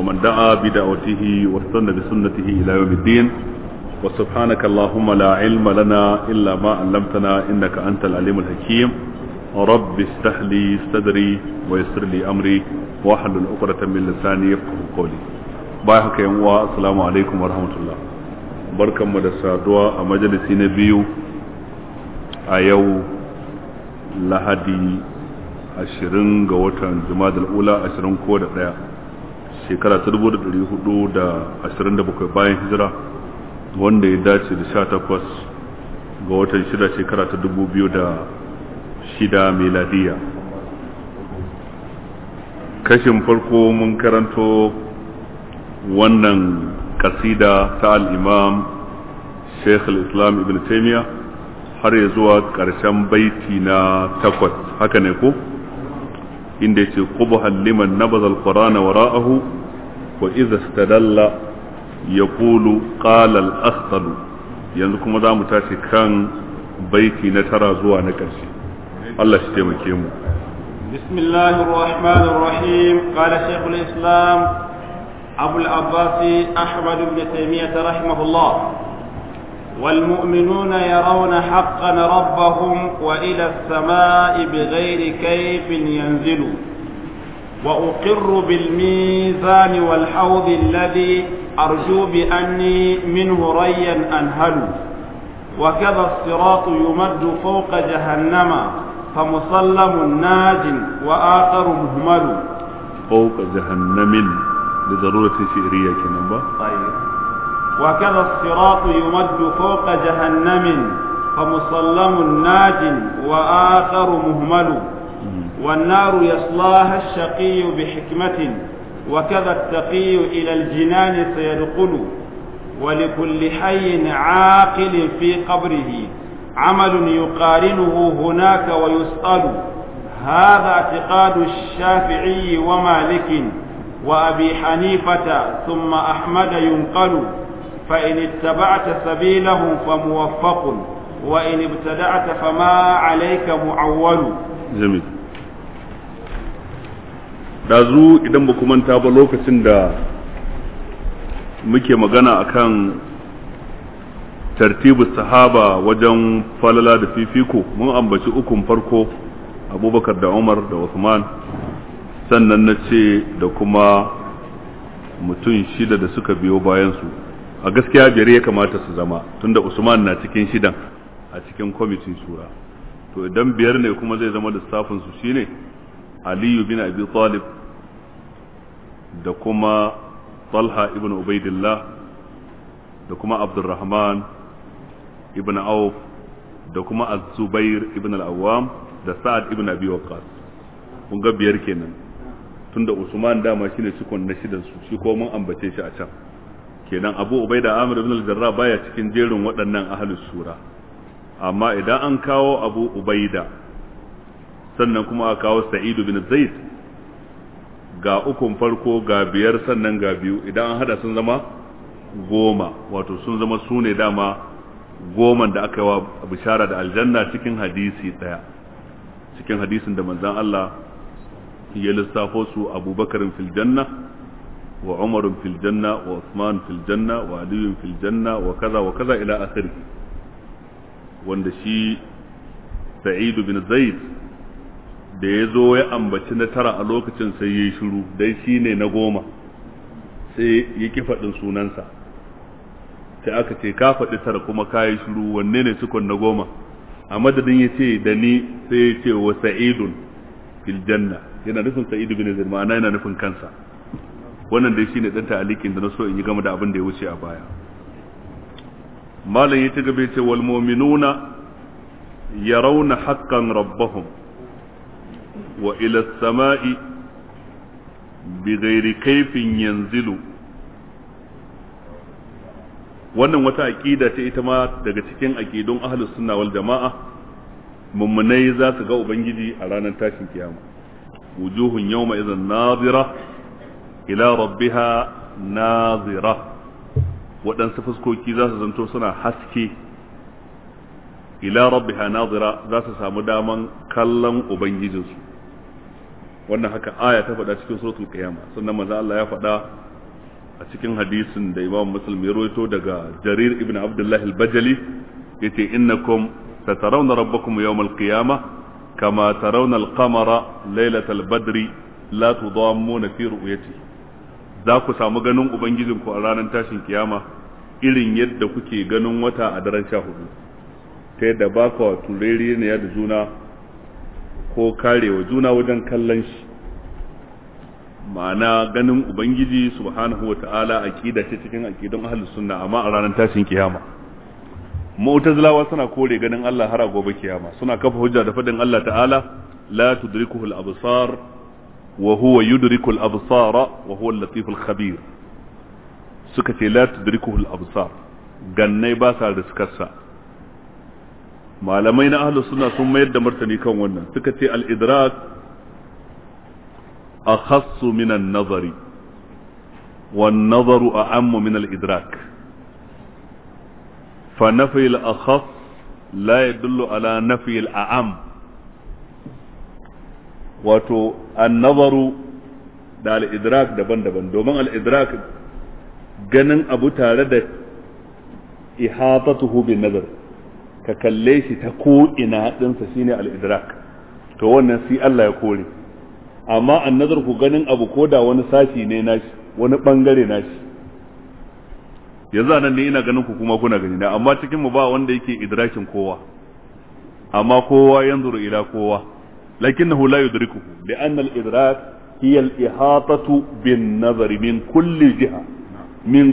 ومن دعا بدعوته واستنى بسنته إلى يوم الدين وسبحانك اللهم لا علم لنا إلا ما علمتنا إنك أنت العليم الحكيم رب اشرح لي صدري ويسر لي أمري واحلل عقدة من لساني يفقهوا قولي بايحك يا السلام عليكم ورحمة الله barkanmu da saduwa a majalisi na biyu a yau lahadi ashirin ga watan jumadal ula ashirin ko da ɗaya shekara ta dubu da dari hudu da ashirin da bakwai bayan hijira wanda ya dace da sha takwas ga watan shida shekara ta dubu biyu da shida meladiya kashin farko mun karanto wannan kasida ta al'imam sheikh al-islam ibn har ya zuwa ƙarshen baiti na takwas haka ne ko? inda yace qubhan liman nabadha alquran wara'ahu wa idha istadalla yaqulu qala al yanzu kuma za mu tashi kan baiti na tara zuwa na ƙarshe Allah shi taimake mu بسم الله الرحمن الرحيم قال شيخ الإسلام أبو العباس أحمد بن تيمية رحمه الله والمؤمنون يرون حقا ربهم وإلى السماء بغير كيف ينزلوا وأقر بالميزان والحوض الذي أرجو بأني منه ريا أنهل وكذا الصراط يمد فوق جهنم فمسلم ناج وآخر مهمل فوق جهنم لضرورة شئرية كنبا طيب وكذا الصراط يمد فوق جهنم فمصلم ناج وآخر مهمل والنار يصلاها الشقي بحكمة وكذا التقي إلى الجنان سيدخل ولكل حي عاقل في قبره عمل يقارنه هناك ويسأل هذا اعتقاد الشافعي ومالك وأبي حنيفة ثم أحمد ينقل فإن اتبعت سبيلهم فموفق وإن ابتدعت فما عليك معول جميل dazu idan ba manta ba lokacin da muke magana akan tartibu sahaba wajen falala da fifiko mun ambaci ukun farko abubakar da umar da usman sannan na ce da kuma mutum shida da suka biyo bayansu a gaskiya biyar ya kamata su zama tunda usman na cikin shidan a cikin kwamitin sura to idan biyar ne kuma zai zama lissafin su shine aliyu bin abi talib da kuma talha ibn ubaidillah da kuma abdurrahman ibn auf da kuma az-zubair ibn al-awwam da sa'ad ibn abi waqqas kun ga biyar kenan tunda usman dama shine cikon na shidan su shi ko mun ambace shi a can kenan abu ubaida amir ibn al jarra baya cikin jerin waɗannan ahlus sura amma idan an kawo abu ubaida sannan kuma a kawo sa'idu bin zaid ga ukun farko ga biyar sannan ga biyu idan an hada sun zama goma wato sun zama su dama goman da aka yi wa bishara da aljanna cikin hadisi daya cikin hadisin da manzan Allah ya lissafo su abubakarin filjanna. janna wa في الجنة وعثمان wa usman وعلي في wa وكذا وكذا إلى wa kaza wa kaza ila زيد wanda shi da ya zo ya ambaci na tara a lokacin sai ya yi shiru dai shi ne na goma sai ya ki faɗin sunansa sai aka ce ka faɗi tara kuma ka yi shiru wanne ne cikon na goma a madadin ya ce da ni sai ya ce wa sa'idun filjanna yana nufin sa'idu bin zirma ma'ana yana nufin kansa wannan dai shine dan ta'alikin da na so in yi game da abin da ya wuce a baya malam ya ci gaba ce wal mu'minuna yarawna haqqan rabbahum wa ila as-sama'i bighairi kayfin yanzilu wannan wata aqida ce ita ma daga cikin aqidun ahlus sunna wal jama'a mummunai za su ga ubangiji a ranar tashin kiyama wujuhun yawma idan nazira ila rabbiha nazira waɗansu fuskoki za su zanto suna haske ila rabbiha nazira za su samu daman kallon ubangijinsu wannan haka aya ta faɗa cikin suratul qiyama sannan manzo Allah ya faɗa a cikin hadisin da Imam Muslim ya rawaito daga Jarir ibn Abdullah al-Bajali yace innakum satarawna rabbakum yawm al-qiyamah kama tarawna al-qamara laylatal badri la tudammuna fi ru'yatihi za ku samu ganin ubangijinku a ranar tashin kiyama irin yadda kuke ganin wata a daren sha hudu ta yadda ba ka ya da juna ko karewa juna wajen kallon shi ma'ana ganin ubangiji subhanahu wa ta'ala kida ce cikin aqidun ahlus sunna amma a ranar tashin kiyama mu'tazilawa suna kore ganin Allah har a gobe kiyama suna kafa hujja da faɗin Allah ta'ala la tudrikuhul absar وهو يدرك الأبصار وهو اللطيف الخبير سكتي لا تدركه الأبصار جنّي باسا رسكسا ما لمين أهل السنة ثم يد مرتني كونا سكتي الإدراك أخص من النظر والنظر أعم من الإدراك فنفي الأخص لا يدل على نفي الأعم wato annazaru da al'idrak daban-daban domin al'idrak ganin abu tare da ihatatuhu bin nazar ka kalle shi ta ko'ina ɗinsa shine al'idrak to wannan sai Allah ya kore amma annazar ku ganin abu ko da wani sashi ne nashi wani ɓangare nashi yanzu anan ne ina ganin ku kuma kuna gani na amma cikin mu ba wanda yake idrakin kowa amma kowa yanzu ila kowa lakinnahu la yudrikuhu li anna al-idrak hiya al-ihatatu bin nazari min kulli jiha min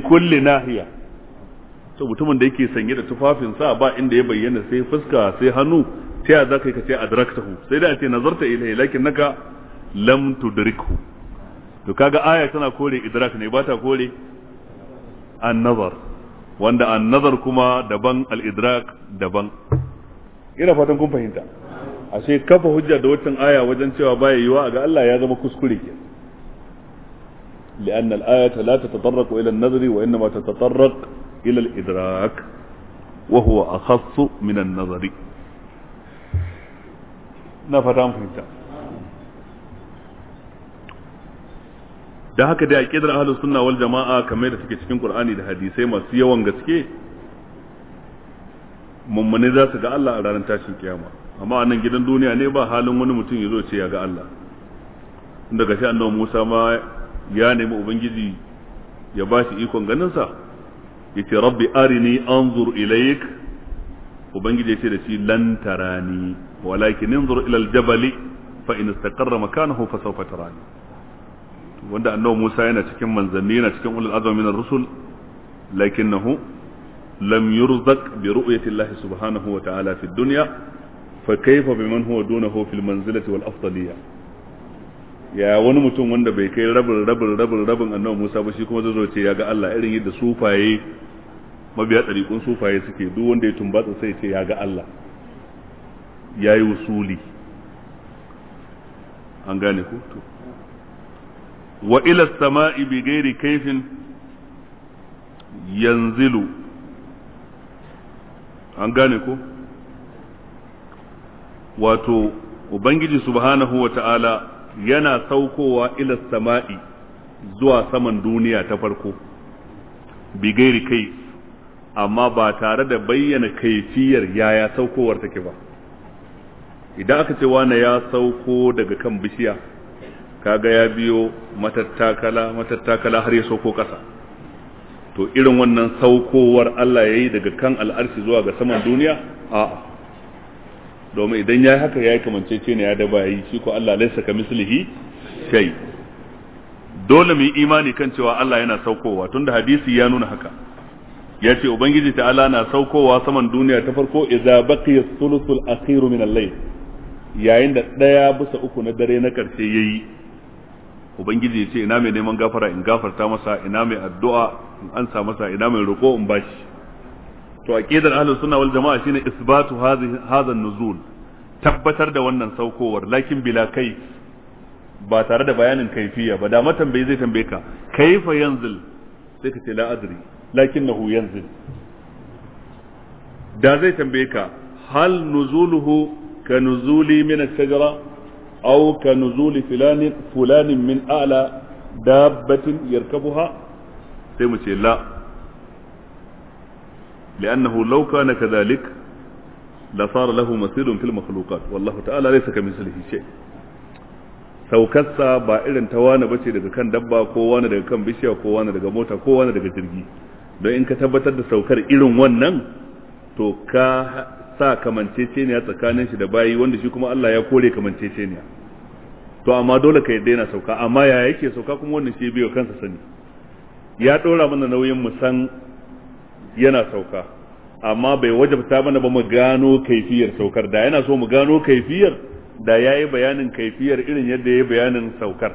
mutumin da yake sanye da tufafin sa ba inda ya bayyana sai fuska sai hannu ta ya zaka kace adraktahu sai da ce nazarta ilayhi naka lam tudrikhu to kaga aya tana kore idrak ne ba ta kore an-nazar wanda an-nazar kuma daban al-idrak daban ina fatan kun fahimta ashe kafa hujja da watan aya wajen cewa baya yiwa ga Allah ya zama kuskure ke لأن الآية لا تتطرق إلى النظر وإنما تتطرق إلى الإدراك وهو أخص na fata نفتام فهمتا da haka dai aqidar ahlus sunna wal jama'a kamar da suke cikin Qur'ani da hadisai masu yawan gaske mummune za su ga Allah a ranar tashin kiyama amma nan gidan duniya ne ba halin wani mutum ya zo ce ya ga Allah daga shi annabi Musa ma ya nemi ubangiji ya ba shi ikon ganinsa ya ce rabbi arini anzur ilaik ubangiji ya ce da shi lan tarani walakin anzur ila aljabali fa in istaqarra makanahu fa sawfa tarani wanda annabi Musa yana cikin manzanni yana cikin ulul azmi min ar-rusul lakinnahu lam yurzaq bi ru'yati Allah subhanahu wa ta'ala fi duniya. dunya fa kaifa biman huwa dunahu fil manzilati wal afdaliyya ya wani mutum wanda bai kai rabin rabin rabin rabin annabi Musa ba shi kuma zai ce ya ga Allah irin yadda sufaye mabiya ɗariƙun sufaye suke duk wanda ya tumbatsa sai ce ya ga Allah ya yi wusuli an gane ku to wa ila sama'i bi gairi kaifin yanzilu an gane ku wato ubangiji subhanahu wa ta'ala yana saukowa ila sama'i zuwa saman duniya ta farko bigairi kai amma ba tare da bayyana kaifiyar yaya saukowar take ba idan aka ce wane ya sauko daga kan bishiya kaga ya biyo matattakala matattakala har ya sauko ƙasa to irin wannan saukowar Allah ya yi daga kan al'arshi zuwa ga saman duniya a'a domin idan ya haka ya yi kamancece ne ya da bayi shi ko Allah laisa ka mislihi shay dole mu yi imani kan cewa Allah yana saukowa tunda hadisi ya nuna haka ya ce ubangiji ta'ala na saukowa saman duniya ta farko idza baqiya thuluthul akhir min al-layl yayin da daya bisa uku na dare na karshe yayi ubangiji ya ce ina mai neman gafara in gafarta masa ina mai addu'a in ansa masa ina mai roko in bashi to aqidar ahlus sunna wal jama'a shine isbatu hadhihi hadha nuzul tabbatar da wannan saukowar lakin bila kai ba tare da bayanin kaifiya ba da matambayi zai tambaye ka kaifa yanzil sai ka ce la adri lakinnahu yanzil da zai tambaye ka hal nuzuluhu ka nuzuli min ash-shajara aw ka nuzuli fulanin fulanin min a'la dabbatin yarkabuha sai mu ce la لأنه لو كان كذلك لصار له مثيل في المخلوقات والله تعالى ليس كمثله شيء saukarsa ba irin ta wani bace daga kan dabba ko wani daga kan bishiya ko wani daga mota ko wani daga jirgi don in ka tabbatar da saukar irin wannan to ka sa a tsakanin shi da bayi wanda shi kuma Allah ya kore ne to amma dole ka yadda yana sauka amma ya yake sauka kuma wannan shi biyo kansa sani ya dora mana nauyin mu san yana sauka amma bai wajabta mana ba mu gano kaifiyar saukar da yana so mu gano kaifiyar da yayi bayanin kaifiyar irin yadda yayi bayanin saukar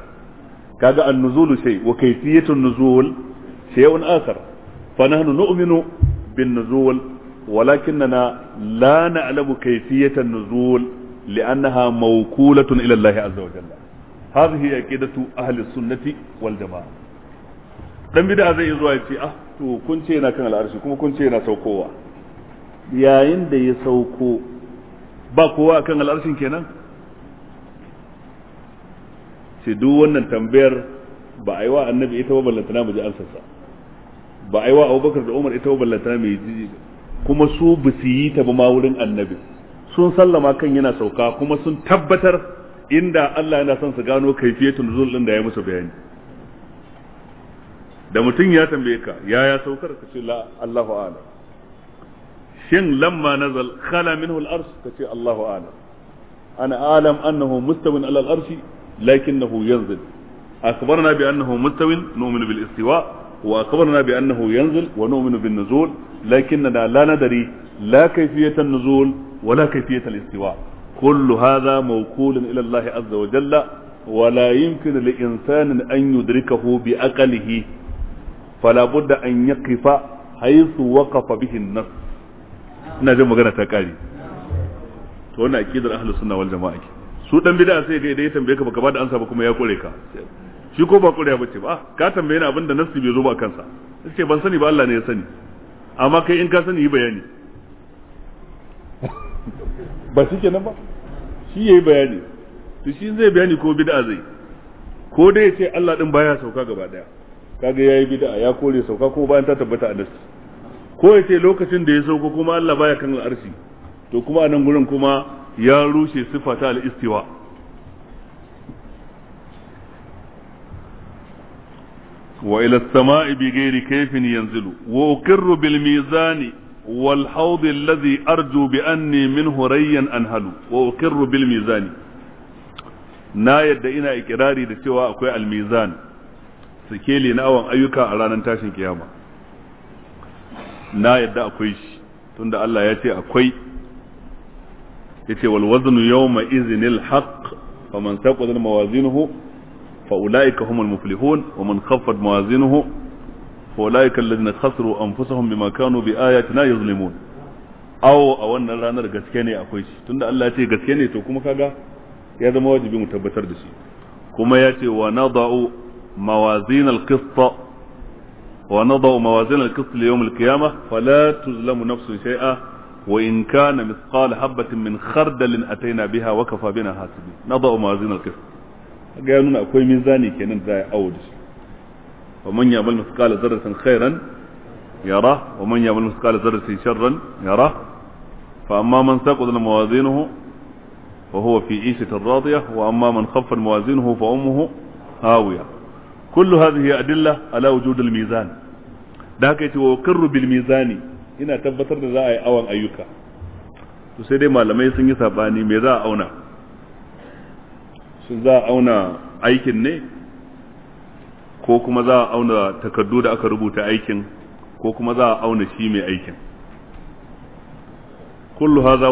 kaga an-nuzulu shay wa kayfiyatun nuzul shay'un akhar fa nahnu nu'minu bin nuzul ولكننا لا نعلم كيفية النزول لأنها موكولة إلى الله عز وجل هذه عقيدة أهل السنة والجماعة dan bid'a zai zuwa ya ce ah to kun ce yana kan al'arshi kuma kun ce yana saukowa yayin da ya sauko ba kowa kan al'arshin kenan ce duk wannan tambayar ba a yi wa annabi ita ba ballantana mu ji ansarsa ba a yi wa abubakar da umar ita ba ballantana mai ji kuma su ba su yi ta ba ma wurin annabi sun sallama kan yana sauka kuma sun tabbatar inda Allah yana son su gano kaifiyatul zulun da ya musu bayani da mutum ya tambaye ka ya ya saukar ka ce la Allahu ala shin lamma nazal khala minhu al ars ka ce Allahu ala ana a'lam annahu mustawin ala al ars lakinnahu yanzil akbarna bi annahu mustawin nu'minu bil istiwa wa akbarna bi annahu yanzil wa nu'minu bin nuzul lakinnana la nadri la kayfiyat an-nuzul wa la kayfiyat al-istiwa kullu hadha ila كل azza wa jalla wa la yumkin li insanin an yudrikahu bi aqlihi fala budda an yaqifa haythu waqafa bihi an-nas ina jin magana ta kare to wannan aqidar ahlus sunna wal jama'a ke su dan bid'a sai dai dai tambaye ka baka ba da ansa ba kuma ya kore ka shi ko ba kore ba ce ba ah, ka tambaye ni abinda nasi bai zo ba kansa sai ban sani ba Allah ne ya sani amma kai in ka sani yi bayani ba shi kenan ba shi yayi bayani to shi zai bayani ko bid'a zai ko dai ya ce Allah din baya sauka gaba daya kaga yayi bid'a ya kore sauka ko bayan ta tabbata a nasi ko ya ce lokacin da ya sauka kuma Allah baya kan al'arshi to kuma a nan gurin kuma ya rushe siffa ta al'istiwa wa ila sama'i bi ghairi kayfin yanzilu wa uqirru bil mizani wal hawd alladhi arju bi anni minhu rayyan anhalu wa uqirru bil mizani na yadda ina ikirari da cewa akwai al mizan sikeli na awon ayyuka a ranar tashin kiyama na yadda akwai shi tunda Allah ya ce akwai ya ce wal waznu yawma izinil haqq faman taqaddal mawazinuhu fa ulaika humul muflihun wa man khaffat mawazinuhu fa ulaika alladhina khasiru anfusahum bima kanu bi ayatina yuzlimun awo a wannan ranar gaske ne akwai shi tunda Allah ya ce gaske ne to kuma kaga ya zama wajibi mu tabbatar da shi kuma ya ce wa nadau موازين القسط ونضع موازين القسط ليوم القيامة فلا تظلم نفس شيئا وإن كان مثقال حبة من خردل أتينا بها وكفى بنا حاسبين نضع موازين القسط قالوا لنا أكوي ميزاني كي ننزع أول شيء ومن يعمل مثقال ذرة خيرا يراه ومن يعمل مثقال ذرة شرا يراه فأما من ثقل موازينه وهو في عيشة راضية وأما من خف موازينه فأمه هاوية kullu هذه أدلة ala وجود الميزان ذاك da haka yace wa qarru bil mizani ina tabbatar da za a yi awon ayyuka to sai dai malamai sun yi sabani me za a auna za a auna aikin ne ko kuma za a auna takardu da aka rubuta aikin ko kuma za a auna shi mai aikin kullu haza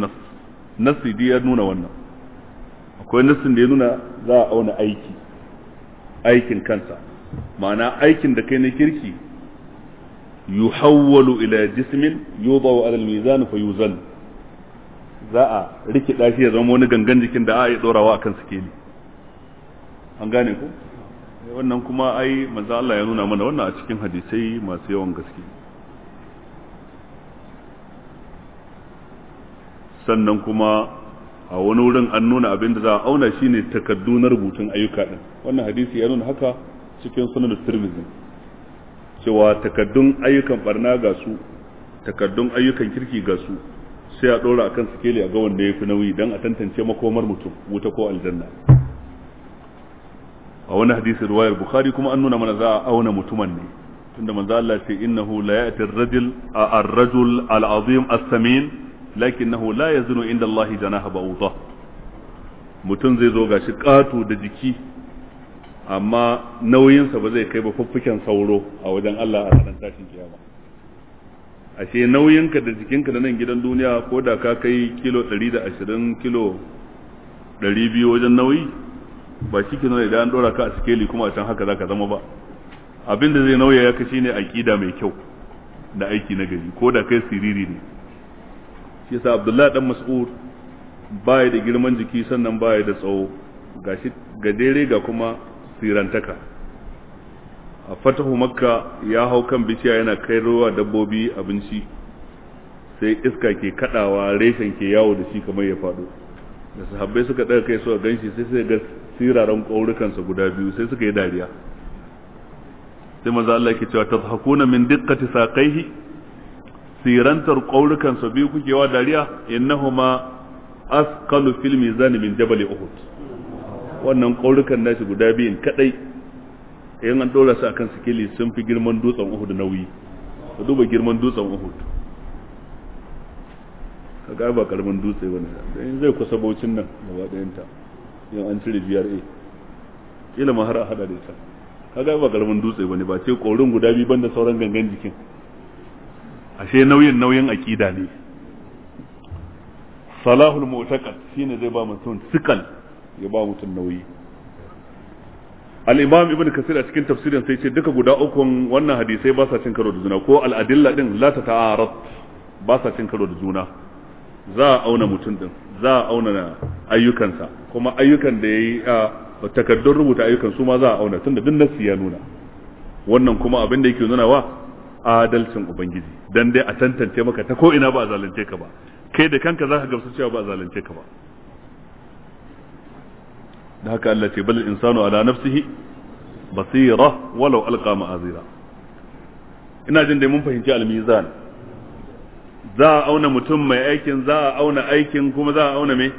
nas nasi ya nuna wannan akwai da ya nuna za a auna aiki aikin kansa ma'ana aikin da kai na kirki yuhawwalu ila jismin yudawu ala al-mizan fa yuzan za a riki shi ya zama wani gangan jikin da a yi dorawa akan sikeli an gane ku wannan kuma ai manzo Allah ya nuna mana wannan a cikin hadisai masu yawan gaske sannan kuma a wani wurin an nuna abin da za a auna shine takaddu na rubutun ayyuka din wannan hadisi ya nuna haka cikin sunan tirmidhi cewa takaddun ayyukan barna ga su takaddun ayyukan kirki ga su sai a a akan sikeli a ga wanda yafi nauyi dan a tantance makomar mutum wuta ko aljanna a wani hadisi riwayar bukhari kuma an nuna mana za a auna mutumin ne tunda manzo Allah ce innahu la ya'ti ar-rajul al-azim as-samin lakinnahu la yazunu inda Allah janaha ba'udha mutum zai zo gashi kato da jiki amma nauyinsa ba zai kai ba fuffuken sauro a wajen Allah a ranar tashin kiyama ashe nauyinka da jikinka da nan gidan duniya ko da ka kai kilo 120 kilo 200 wajen nauyi ba shi ke da an dora ka a sikeli kuma a can haka za ka zama ba abin da zai nauya ya ne a aƙida mai kyau da aiki na gari ko da kai siriri ne shi yasa abdullahi dan mas'ud baya da girman jiki sannan baya da tsawo gashi shi ga kuma sirantaka a fatahu makka ya hau kan bishiya yana kai ruwa dabbobi abinci sai iska ke kadawa reshen ke yawo da shi kamar ya faɗo da sahabbai suka daga kai suka ganshi sai sai ga siraran ƙaurukansa guda biyu sai suka yi dariya sai maza Allah ke cewa tadhakuna min diqqati saqaihi sirantar kaulukan su biyu kuke wa dariya innahuma asqalu fil mizan min jabal uhud wannan kaulukan nashi guda biyun kadai in an dora su akan sikili sun fi girman dutsen uhud nauyi ka duba girman dutsen uhud ka ga ba karman dutse bane in zai kusa baucin nan gaba ɗayan ta in an cire biyar kila ma har a hada da ita ka ga ba karman dutse bane ba ce korin guda biyu banda sauran gangan jikin ashe nauyin nauyin aqida ne salahul mu'taqad shine zai ba mutum sikal ya ba mutum nauyi al-imam ibn kasir a cikin tafsirin sai ce duka guda ukun wannan hadisai ba sa cin karo da juna ko al-adilla din la ta ta'arad ba sa cin karo da juna za a auna mutum din za a auna ayyukansa kuma ayyukan da yayi a takaddun rubuta ayyukan su ma za a auna tunda duk nasu ya nuna wannan kuma abin da yake nuna wa adalcin ubangiji dan dai a tantance maka ta ko ina ba a zalunce ka ba kai da kanka zaka gamsu cewa ba a zalunce ka ba da haka Allah ce bal insanu ala nafsihi basira walau alqa ma'azira ina jin dai mun fahimci almizan za a auna mutum mai aikin za a auna aikin kuma za a auna me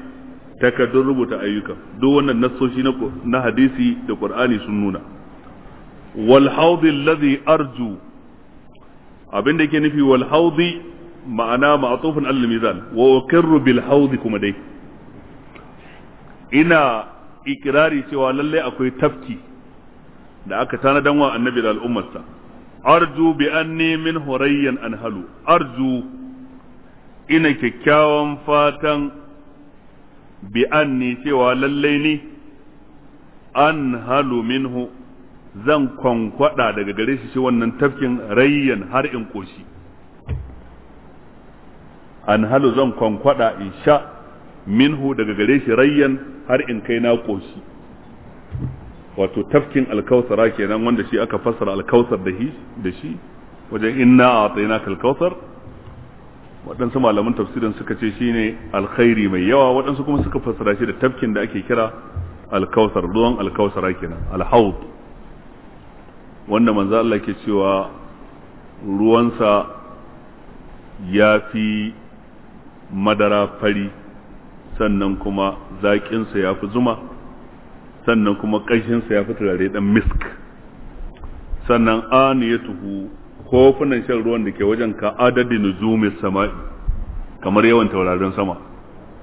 takardun rubuta ayyuka duk wannan nassoshi na hadisi da qur'ani sun nuna wal hawd arju abin da yake nufi wal haudi ma'ana ma'atufun al mizan wa uqirru bil haudi kuma dai ina ikirari cewa lallai akwai tafki da aka tana wa annabi da al'ummarsa arju bi anni min hurayyan anhalu arju ina kyakkyawan fatan bi anni cewa lallai ni anhalu minhu zan kwankwada daga gare shi shi wannan tafkin rayyan har in koshi an halu zan kwankwada in sha minhu daga gare shi rayyan har in kai na koshi wato tafkin alkausara kenan wanda shi aka fassara alkausar da shi wajen inna a tsayina kalkausar waɗansu malaman tafsirin suka ce shine alkhairi mai yawa waɗansu kuma suka fassara shi da tafkin da ake kira alkausar ruwan alkausara kenan alhaud wanda manzo Allah ke cewa ruwansa ya fi madara fari sannan kuma zaƙinsa ya fi zuma sannan kuma ƙashinsa ya fi turare ɗan misk sannan an ya tuhu kofunan shan ruwan da ke wajen ka adadin zumin sama'i kamar yawan taurarin sama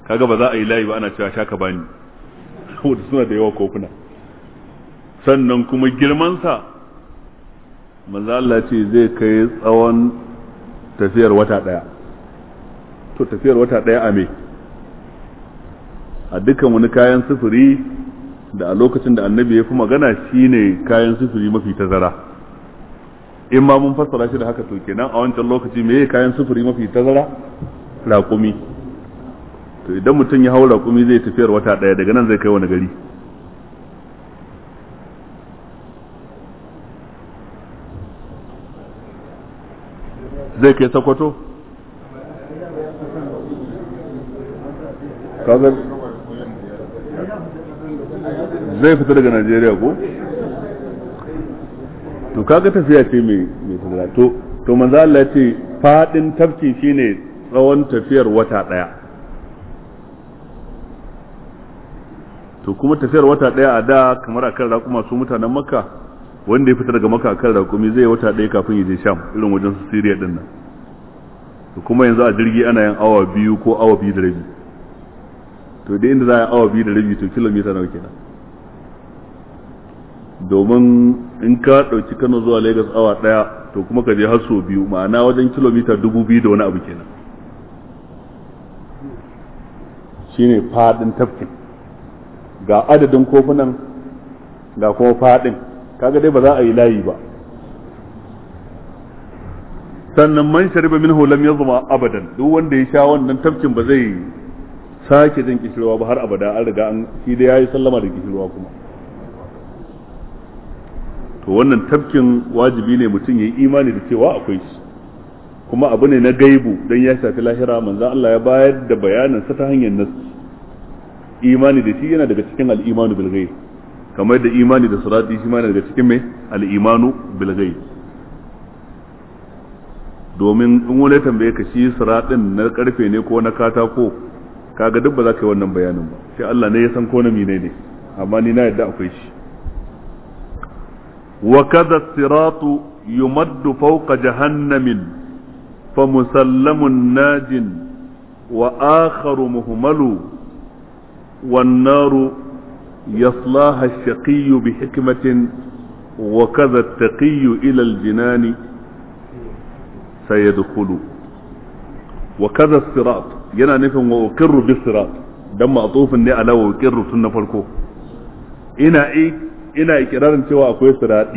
kaga ba za a yi layi ba ana cewa shaka bani saboda suna da yawa kofuna sannan kuma girmansa manzo Allah ce zai kai tsawon tafiyar wata daya to tafiyar wata daya a me a dukkan wani kayan sufuri da a lokacin da annabi ya fi magana shine kayan sufuri mafi tazara in ma mun fassara shi da haka to kenan a wancan lokaci me kayan sufuri mafi tazara raƙumi to idan mutum ya hau raƙumi zai tafiyar wata daya daga nan zai kai wani gari zai kai sakwato zai fita daga najeriya ko to kaga tafiya ce mai mai to to manzo Allah ya ce fadin tafki shine tsawon tafiyar wata daya to kuma tafiyar wata daya a da kamar akan raƙuma su mutanen makka wanda ya fita daga maka kan rakumi zai wata ɗaya kafin ya je sham irin wajen su siriya din nan kuma yanzu a jirgi ana yin awa biyu ko awa biyu da rabi to dai inda za a yi awa biyu da rabi to kilomita nawa kenan domin in ka ɗauki kano zuwa lagos awa ɗaya to kuma ka je har sau biyu ma'ana wajen kilomita dubu biyu da wani abu kenan shine faɗin tafkin ga adadin kofunan ga kuma faɗin kaga dai ba za a yi layi ba sannan man shariba minhu lam yazma abadan duk wanda ya sha wannan tafkin ba zai sake jin kishirwa ba har abada an riga an shi da yayi sallama da kishirwa kuma to wannan tafkin wajibi ne mutum yayi imani da cewa akwai shi kuma abu ne na gaibu dan ya shafi lahira manzo Allah ya bayar da bayanansa ta hanyar nas imani da shi yana daga cikin al-imanu bil ghaib kamar da imani da sirati shi ma daga cikin mai al'imanu bilgai domin in wani tambaye ka shi siratin na karfe ne ko na katako kaga duk ba za ka yi wannan bayanin ba sai Allah ne ya san ko na mine ne amma ni na yadda akwai shi wa kadha siratu yumaddu fawqa jahannamin fa musallamun najin wa akharu muhmalu wan naru يصلاها الشقي بحكمة وكذا التقي إلى الجنان سيدخل وكذا الصراط ينا نفهم وأقر بالصراط دم أطوف أني ألا وأقر سنة فالكو إنا إيه إنا إكرارا سوى أقوي صراط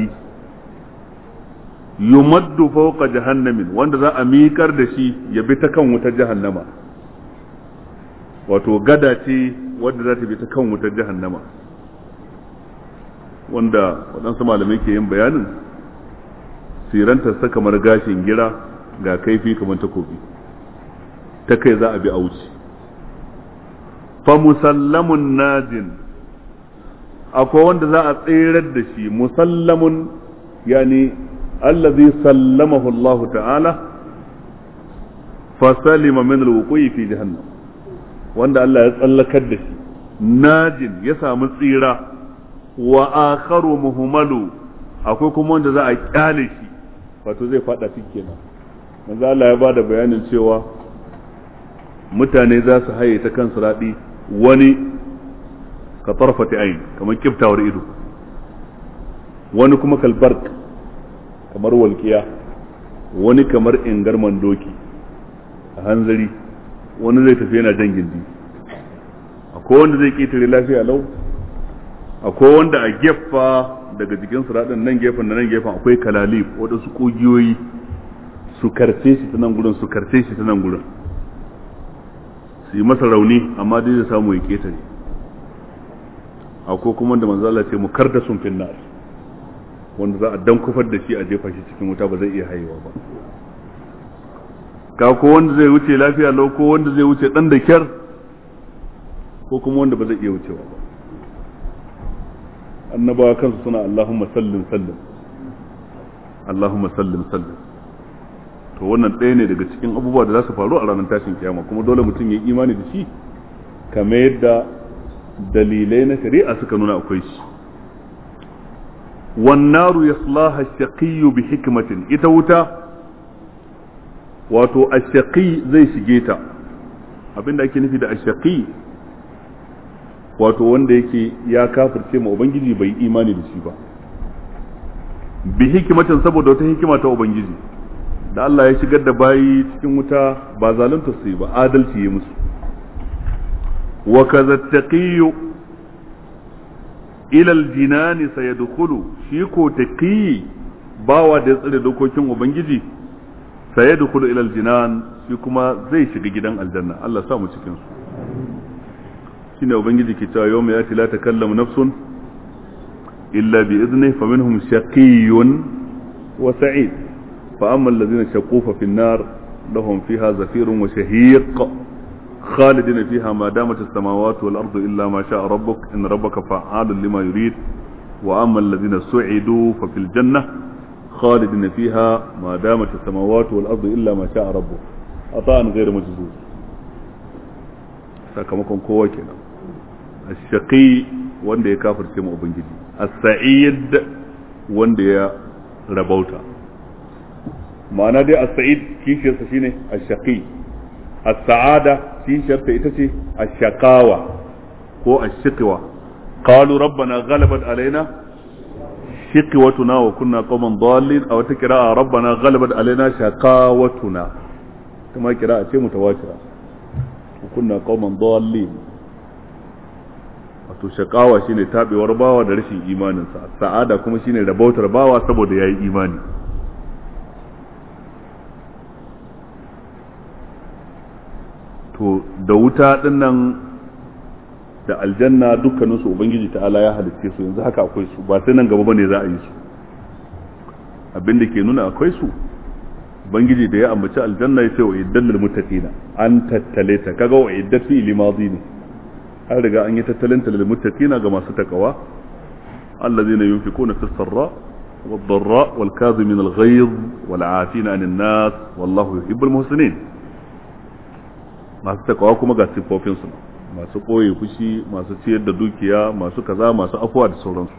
يمد فوق جهنم وانت ذا أميكر دشي يبتكم وتجهنم وتوغدتي wadda za ta bi ta kan wutar jahannama wanda waɗansu malamai ke yin bayanin sirantarsa kamar gashin gira ga kaifi kamar takobi ta kai za a bi a wuce fa musallamun najin akwai wanda za a tserar da shi musallamun yani allazi sallamahu Allah ta'ala fa salima min alwuqi fi jahannam wanda Allah ya tsallakar da shi najin ya samu tsira wa akharu muhmalu akwai kuma wanda za a kyale shi wato zai fada shi kenan manzo Allah ya bada bayanin cewa mutane za su haye ta kan raɗi wani ka tarfata kamar kiftawar ido wani kuma kalbark kamar walkiya wani kamar ingarman doki a hanzari wani zai tafi yana jan gindi akwai wanda zai ƙetare lafiya lau akwai wanda a gefa daga jikin suraɗin nan gefen da nan gefen akwai kalalif waɗansu ƙugiyoyi su karce shi ta nan gurin su karce shi ta nan gurin su yi masa rauni amma dai zai samu ya ƙetare akwai kuma da manzala ce mu da sun finna wanda za a dan kufar da shi a jefa shi cikin wuta ba zai iya hayewa ba ka ko wanda zai wuce lafiya lau ko wanda zai wuce dan da kyar ko kuma wanda ba zai iya wucewa ba annabawa kansu suna Allahumma sallim sallim Allahumma sallim sallim to wannan ɗaya ne daga cikin abubuwa da za su faru a ranar tashin kiyama kuma dole mutum ya yi imani da shi kamar yadda dalilai na shari'a suka nuna akwai shi wannaru yaslaha shaqiyyu bi hikmatin ita wuta wato ashaqi zai shige ta abinda ake nufi da ashaqi wato wanda yake ya kafirce ma ubangiji bai imani da shi ba bi hikimatin saboda wata hikima ta ubangiji da Allah ya shigar da bayi cikin wuta ba zalunta su ba adalci ya musu wa kazattaqiyu ila aljinani sayadkhulu shi ko taqi bawa da tsare dokokin ubangiji sayadkhulu ila aljinan shi kuma zai shiga gidan aljanna Allah sa cikin su shine ubangiji ke cewa yawma yati la takallamu nafsun illa bi idnihi minhum shaqiyyun wa sa'id fa amma alladhina shaqu fa fi an-nar lahum fiha zafirun wa shahiq khalidina fiha ma damat as-samawati wal ardu illa ma sha'a rabbuk in ربك إن lima yurid wa amma alladhina su'idu fa fil الجنة خالدين فيها ما دامت السماوات والأرض إلا ما شاء ربه أطاء غير مجزوز sakamakon kowa kenan ashaqi wanda ya kafirce mu ubangiji A said wanda ya rabauta ma'ana dai a said kishiyarsa shi ne a shaƙi. A saada kishiyar ta ita ce a shaƙawa. ko a ashiqwa rabba na ghalabat alaina shiqwatuna wa kunna قوما ضالين او ta ربنا غلبت علينا alaina shaqawatuna kuma qira'a ce وكنا قوما kunna wato shaqawa shine tabewar bawa da rashin imanin sa sa'ada kuma shine rabautar bawa saboda yayi imani to da wuta dinnan da aljanna dukkaninsu ubangiji ta'ala ya halicce su yanzu haka akwai su ba sai nan gaba bane za a yi su abin da ke nuna akwai su ubangiji da ya ambaci aljanna ya ce wa iddan lil an tattale ta kaga wa iddat fi limadi ne an riga an yi tattalin ta lil muttaqina ga masu takawa allazina yunfikuna fis sarra والضراء والكاظمين wal والعافين عن الناس والله يحب المحسنين masu takawa kuma ga siffofinsu masu ɓoye fushi masu ciyar da dukiya masu kaza masu afuwa da sauransu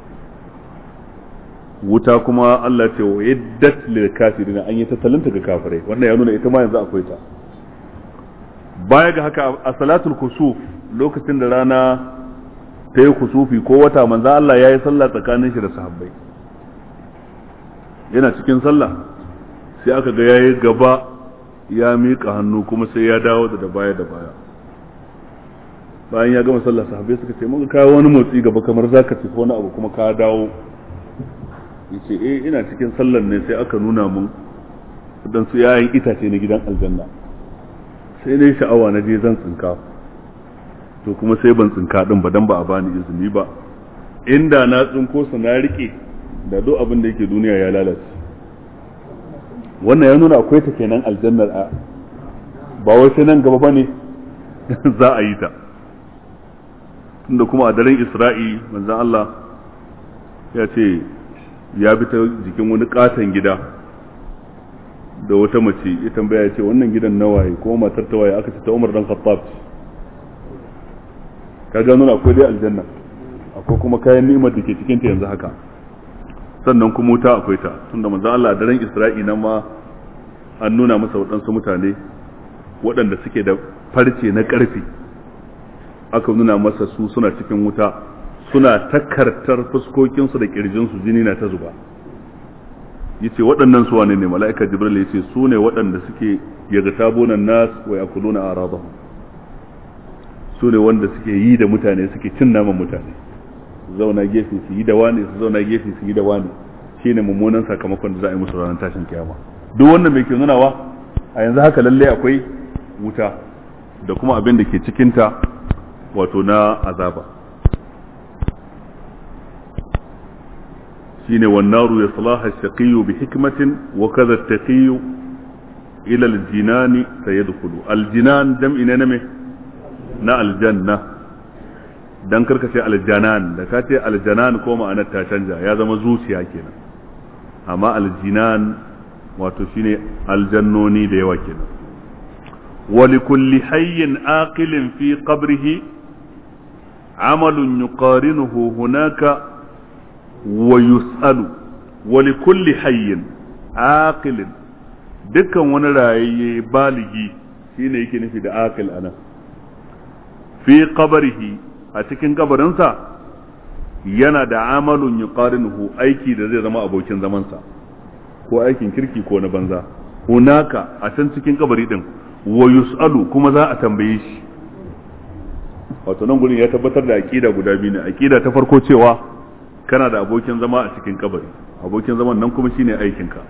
wuta kuma Allah ce wa da lil kafirin an yi tattalinta ga kafirai wannan ya nuna ita ma yanzu akwai ta baya ga haka a salatul kusuf lokacin da rana ta yi kusufi ko wata manzo Allah ya yi sallah tsakanin shi da sahabbai yana cikin sallah sai aka ga ya yi gaba ya miƙa hannu kuma sai ya dawo da baya da baya bayan ya gama sallah sahabbai suka ce mun kawo wani motsi gaba kamar zaka ci wani abu kuma ka dawo yace eh ina cikin sallar ne sai aka nuna mun dan su yayin itace na gidan aljanna sai dai sha'awa na je zan tsinka to kuma sai ban tsinka din ba dan ba a bani izini ba inda na tsinko su na rike da duk abin da yake duniya ya lalace wannan ya nuna akwai ta kenan aljannar a ba wai sai nan gaba bane za a yi ta tunda kuma a daren isra'i manzan Allah ya ce ya bi ta jikin wani katon gida da wata mace ya tambaya ya ce wannan gidan nawaye kuma matar ta waye aka ce ta umar dan khattab ka gano akwai dai aljanna akwai kuma kayan nimar da ke cikin ta yanzu haka sannan kuma wuta akwai ta tunda manzan Allah a daren isra'i nan ma an nuna masa waɗansu mutane waɗanda suke da farce na ƙarfi aka nuna masa su suna cikin wuta suna takartar fuskokinsu da kirjinsu jini na ta zuba yace waɗannan su wane ne mala'ika jibril yace su ne waɗanda suke yaghtabuna nas wa yakuluna aradahu su ne wanda suke yi da mutane suke cin naman mutane zauna gefe su yi da wani su zauna gefe su yi da wani shine mummunan sakamakon da za a yi musu ranar tashin kiyama duk wannan mai ke nunawa a yanzu haka lalle akwai wuta da kuma abin da ke cikinta wato na azaba shine wannan yaslaha ash-shaqiyyu bi hikmatin wa kadha at-taqiyyu ila al sayadkhulu jam'i ne me na aljanna dan karka ce aljanan da ka ce aljanan ko ma'anar ta canja ya zama zuciya kenan amma aljinan wato shine aljannoni da yawa kenan kulli hayyin aqilin fi قبره amalun yuqarinuhu hunaka wa yus'alu wa likulli hayyin aqilin dukkan wani rayayye baligi shine yake nufi da aqil ana fi qabrihi a cikin kabarinsa yana da amalun yuqarinuhu aiki da zai zama abokin zamansa ko aikin kirki ko na banza hunaka a can cikin kabari din wa yus'alu kuma za a tambaye shi wato nan gurin ya tabbatar da aƙida guda biyu ne aƙida ta farko cewa kana da abokin zama a cikin kabari abokin zaman nan kuma shine aikinka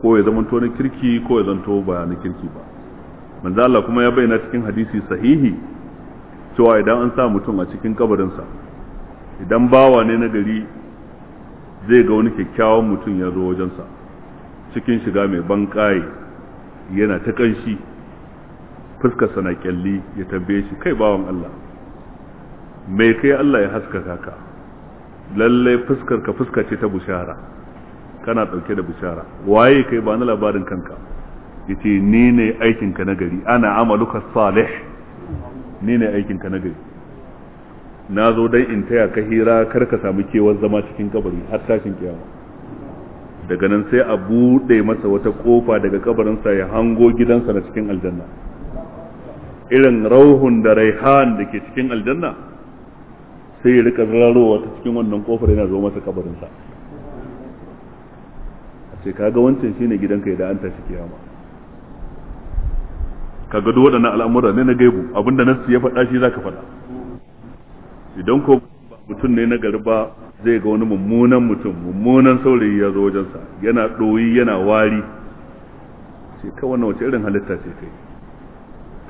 ko ya zamanto na kirki ko ya zanto ba na kirki ba manzo Allah kuma ya bayyana cikin hadisi sahihi cewa idan an sa mutum a cikin kabarinsa idan bawa ne na gari zai ga wani kyakkyawan mutum ya zo wajensa cikin shiga mai banƙaye yana ta kanshi fuskar sana kyalli ya tambaye shi kai bawan Allah mai kai Allah ya haskaka ka lalle fuskar ka fuska ce ta bushara kana dauke da bushara waye kai ba na labarin kanka yace ni ne aikin ka nagari ana amaluka salih ni ne aikin ka nagari na zo dai in taya ka hira kar ka samu kewar zama cikin kabari har tashin kiyama daga nan sai a buɗe masa wata ƙofa daga kabarinsa ya hango gidansa na cikin aljanna irin rauhun da raihan da ke cikin aljanna sai ya rika zararowa ta cikin wannan kofar yana zo masa kabarinsa a ce kaga wancan shine gidanka idan an tashi kiyama kaga duk waɗannan al'amura ne na gaibu abinda nasu ya faɗa shi zaka faɗa idan ko mutum ne na gari ba zai ga wani mummunan mutum mummunan saurayi ya zo wajensa yana ɗoyi yana wari sai kawai wannan wace irin halitta ce kai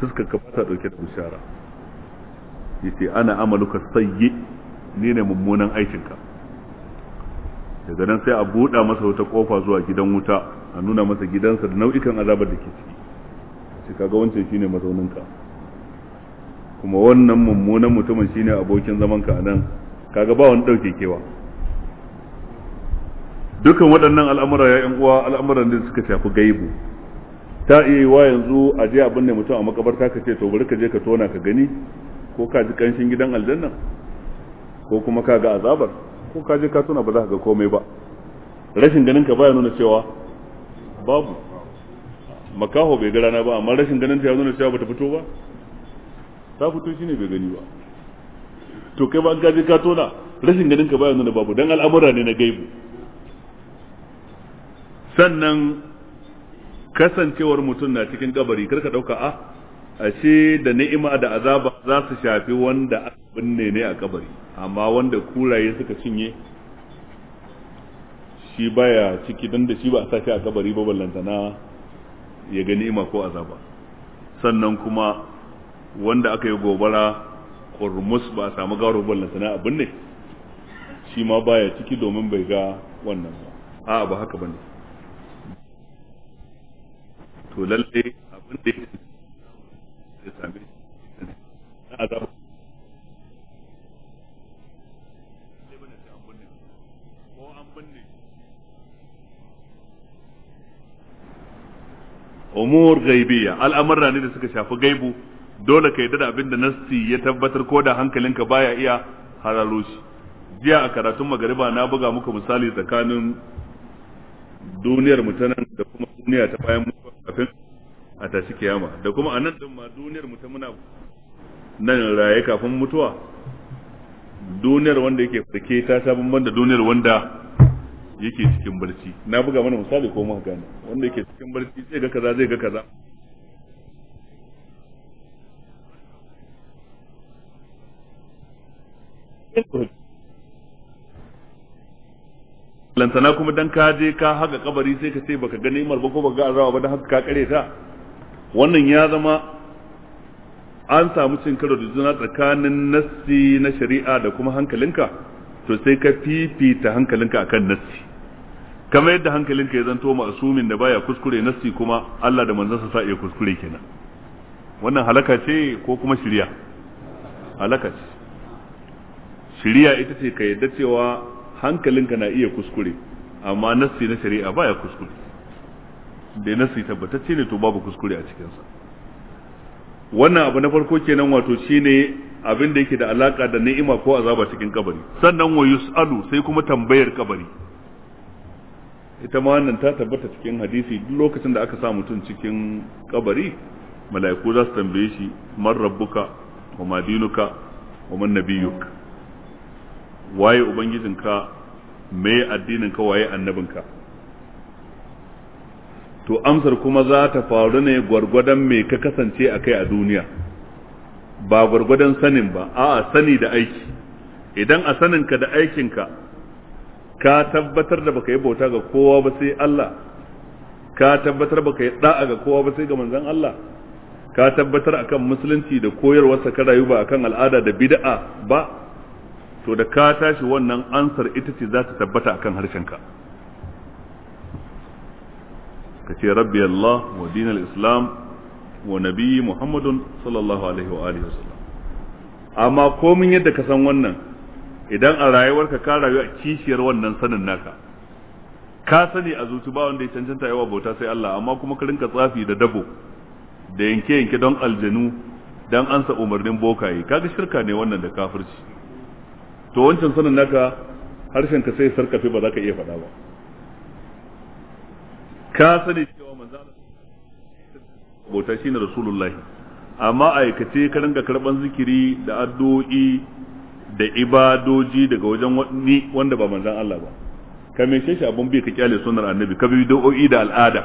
fuskar ka ta dauke da bishara yace ana amaluka sayyi ne ne mummunan aikinka daga nan sai a buɗa masa wata kofa zuwa gidan wuta a nuna masa gidansa da nau'ikan azabar da ke ciki sai kaga wancan shine mazauninka kuma wannan mummunan mutumin shine abokin zamanka a nan kaga ba wani dauke kewa dukan waɗannan al'amura ya uwa al'amuran da suka shafi gaibu ta iya wa yanzu a je abin da mutum a makabarta ka ce to bari ka je ka tona ka gani ko ka ji kanshin gidan aljanna ko kuma ka ga azabar ko ka je ka tona ba za ka ga komai ba rashin ganin ka baya nuna cewa babu makaho bai gara na ba amma rashin ganin ta ya nuna cewa bata fito ba ta fito shine bai gani ba to kai ba ka je ka tona rashin ganin ka baya nuna babu dan al'amura ne na gaibu sannan kasancewar mutum na cikin kabari karka dauka a ah, ashe da ni'ima da azaba za su shafi wanda aka binne ne a kabari amma wanda kuraye suka cinye shi baya ciki don da shi ba a sa a kabari ba ballantana ya ga ni'ima ko azaba sannan kuma wanda aka yi gobara kurmus ba a samu gawar ballantana abin ne shi ma baya ciki domin bai ga wannan ba a ba haka bane to lalle abin da ya same shi na azabu umur gaibiya al'amarra ne da suka shafi gaibu dole ka yadda da abin da nassi ya tabbatar ko da hankalinka baya iya hararo jiya a karatun magariba na buga muku misali tsakanin duniyar mutanen da kuma duniya ta bayan kafin a tashi kiyama da kuma a nan din ma duniyar mu ta muna nan raye kafin mutuwa duniyar wanda yake farke ta sha bamban da duniyar wanda yake cikin barci na buga mana misali ko muka gane wanda yake cikin barci zai ga kaza zai ga kaza Thank you. lantana kuma dan ka je ka haka kabari sai ka ce baka ga ni'imar ba ko baka ga azaba ba dan haka ka kare ta wannan ya zama an samu cin karo da juna tsakanin nassi na shari'a da kuma hankalinka to sai ka fifita hankalinka akan nassi kamar yadda hankalinka ya zanto ma'asumin da baya kuskure nassi kuma Allah da manzansa sa iya kuskure kenan wannan halaka ce ko kuma shari'a halaka ce shari'a ita ce ka yadda cewa hankalinka na iya kuskure amma nassi na shari'a baya kuskure da nassi tabbatacce ne to babu kuskure a cikinsa wannan abu na farko kenan wato shine abin da yake da alaka da ni'ima ko azaba cikin kabari sannan wa yus'alu sai kuma tambayar kabari ita ma wannan ta tabbata cikin hadisi duk lokacin da aka sa mutum cikin kabari mala'iku za su tambaye shi man rabbuka wa ma wa man nabiyyuk waye ubangijinka me addinin ka waye annabin to amsar kuma za ta faru ne gwargwadon me ka kasance a kai a duniya ba gwargwadon sanin ba a sani da aiki idan a saninka da aikinka ka tabbatar da baka yi bauta ga kowa ba sai Allah ka tabbatar baka yi da'a ga kowa ba sai ga manzon Allah ka tabbatar akan musulunci da koyarwarsa ka rayu ba akan al'ada da bid'a ba to da ka tashi wannan ansar ita ce za ta tabbata akan harshenka ka ce rabbi Allah wa dinar islam wa nabi muhammadun sallallahu alaihi wa alihi wasallam amma komin yadda ka san wannan idan a rayuwarka ka rayu a kishiyar wannan sanin naka ka sani a zuci ba wanda ya cancanta yawa bauta sai Allah amma kuma ka rinka tsafi da dabo da yanke yanke don aljanu don ansa umarnin bokaye kaga shirka ne wannan da kafirci to wancan sanin naka harshen ka sai sarkafe ba za ka iya faɗa ba ka sani cewa manzo bauta shine rasulullahi amma aikace ka ringa karɓan zikiri da addu'o'i da ibadoji daga wajen wani wanda ba manzan Allah ba ka meshe shi abun bi ka kyale sunar annabi ka bi do'o'i da al'ada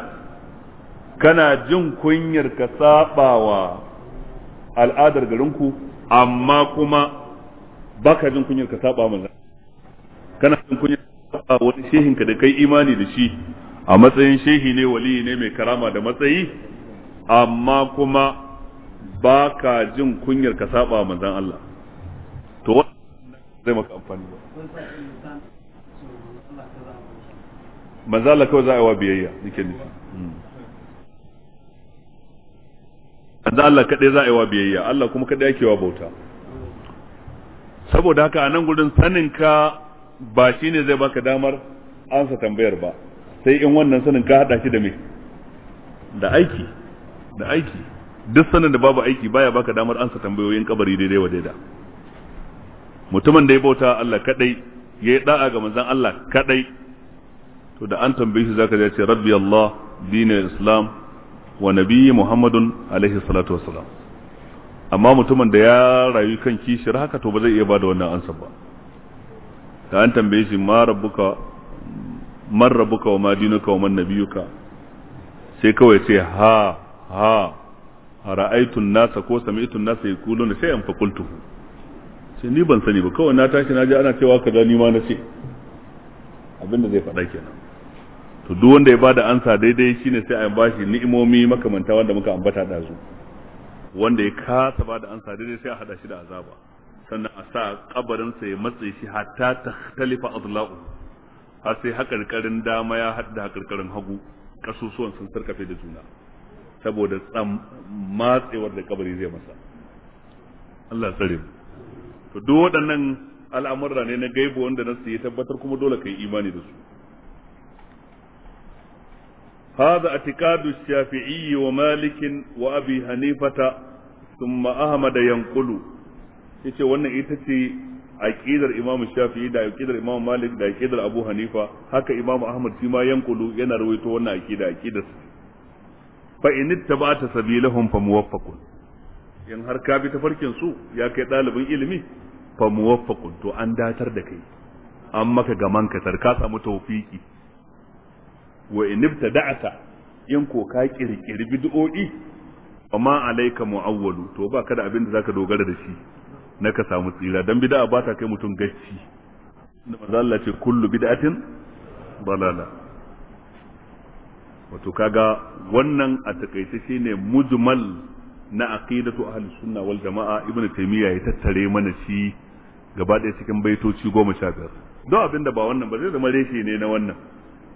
kana jin kunyar ka sabawa al'adar garinku amma kuma baka jin kunyar ka saba manzon kana jin kunyar ka wani shehin ka da kai imani da shi a matsayin shehi ne wali ne mai karama da matsayi amma kuma baka jin kunyar ka saba manzon Allah to zai maka amfani ba manzo Allah kawai za a yi wa biyayya nake nufi hmm. manzo Allah kaɗai za a yi wa biyayya Allah kuma kaɗai yake wa bauta saboda haka a nan sanin ka ba shi ne zai baka damar ansa tambayar ba sai in wannan sanin ka hada shi da me da aiki da aiki duk sanin da babu aiki baya baka damar ansa tambayoyin kabari daidai wa daida mutumin da ya bauta Allah kadai ya yi da'a ga manzon Allah kadai to da an tambaye shi zaka ce rabbi Allah dinin islam wa Nabi muhammadun alaihi salatu wassalam amma mutumin da ya rayu kan kishiyar haka to ba zai iya bada wannan ansa ba da an tambaye shi ma rabbuka man wa ma dinuka wa man nabiyuka sai kawai sai ha ha ra'aitun nasa ko sami'tun nasa yaquluna sai an faqultuhu sai ni ban sani ba kawai na tashi na ji ana cewa ka ni ma na ce abinda zai faɗa kenan to duk wanda ya bada ansa daidai shine sai a bashi ni'imomi makamanta wanda muka ambata da su wanda ya kasa ba da ansa daidai sai a hada shi da azaba sannan a sa kabarinsa ya matse shi hatta ta talifa adla'u har sai hakarkarin dama ya hadda hakarkarin hagu kasusuwan sun sarkafe da juna saboda tsam matsewar da kabari zai masa Allah tsare mu to duk waɗannan al'amurra ne na gaibu wanda nasu ya tabbatar kuma dole kai imani da su هذا اعتقاد الشافعي ومالك وابي حنيفه ثم احمد ينقل yace wannan ita ce aqidar Imam Shafi'i da aqidar Imam Malik da aqidar Abu Hanifa haka Imam Ahmad shi ma yankulu yana rawaito wannan aqida aqidar fa in ittaba'ta sabilahum fa muwaffaqun in har ka bi tafarkin su ya kai dalibin ilimi fa muwaffaqun to an datar da kai an maka gaman ka sarka samu tawfiki wa inibta da'ata in ko ka kirkiri bid'o'i amma alayka mu'awwalu to ba kada abin da zaka dogara da shi na ka samu tsira dan bid'a ba ta kai mutum gaci da manzo Allah ce kullu bid'atin balala wato kaga wannan a takaice shine mujmal na aqidatu ahli sunna wal jama'a ibnu taymiya ya tattare mana shi gaba ɗaya cikin baitoci goma sha biyar don abin da ba wannan ba zai zama reshe ne na wannan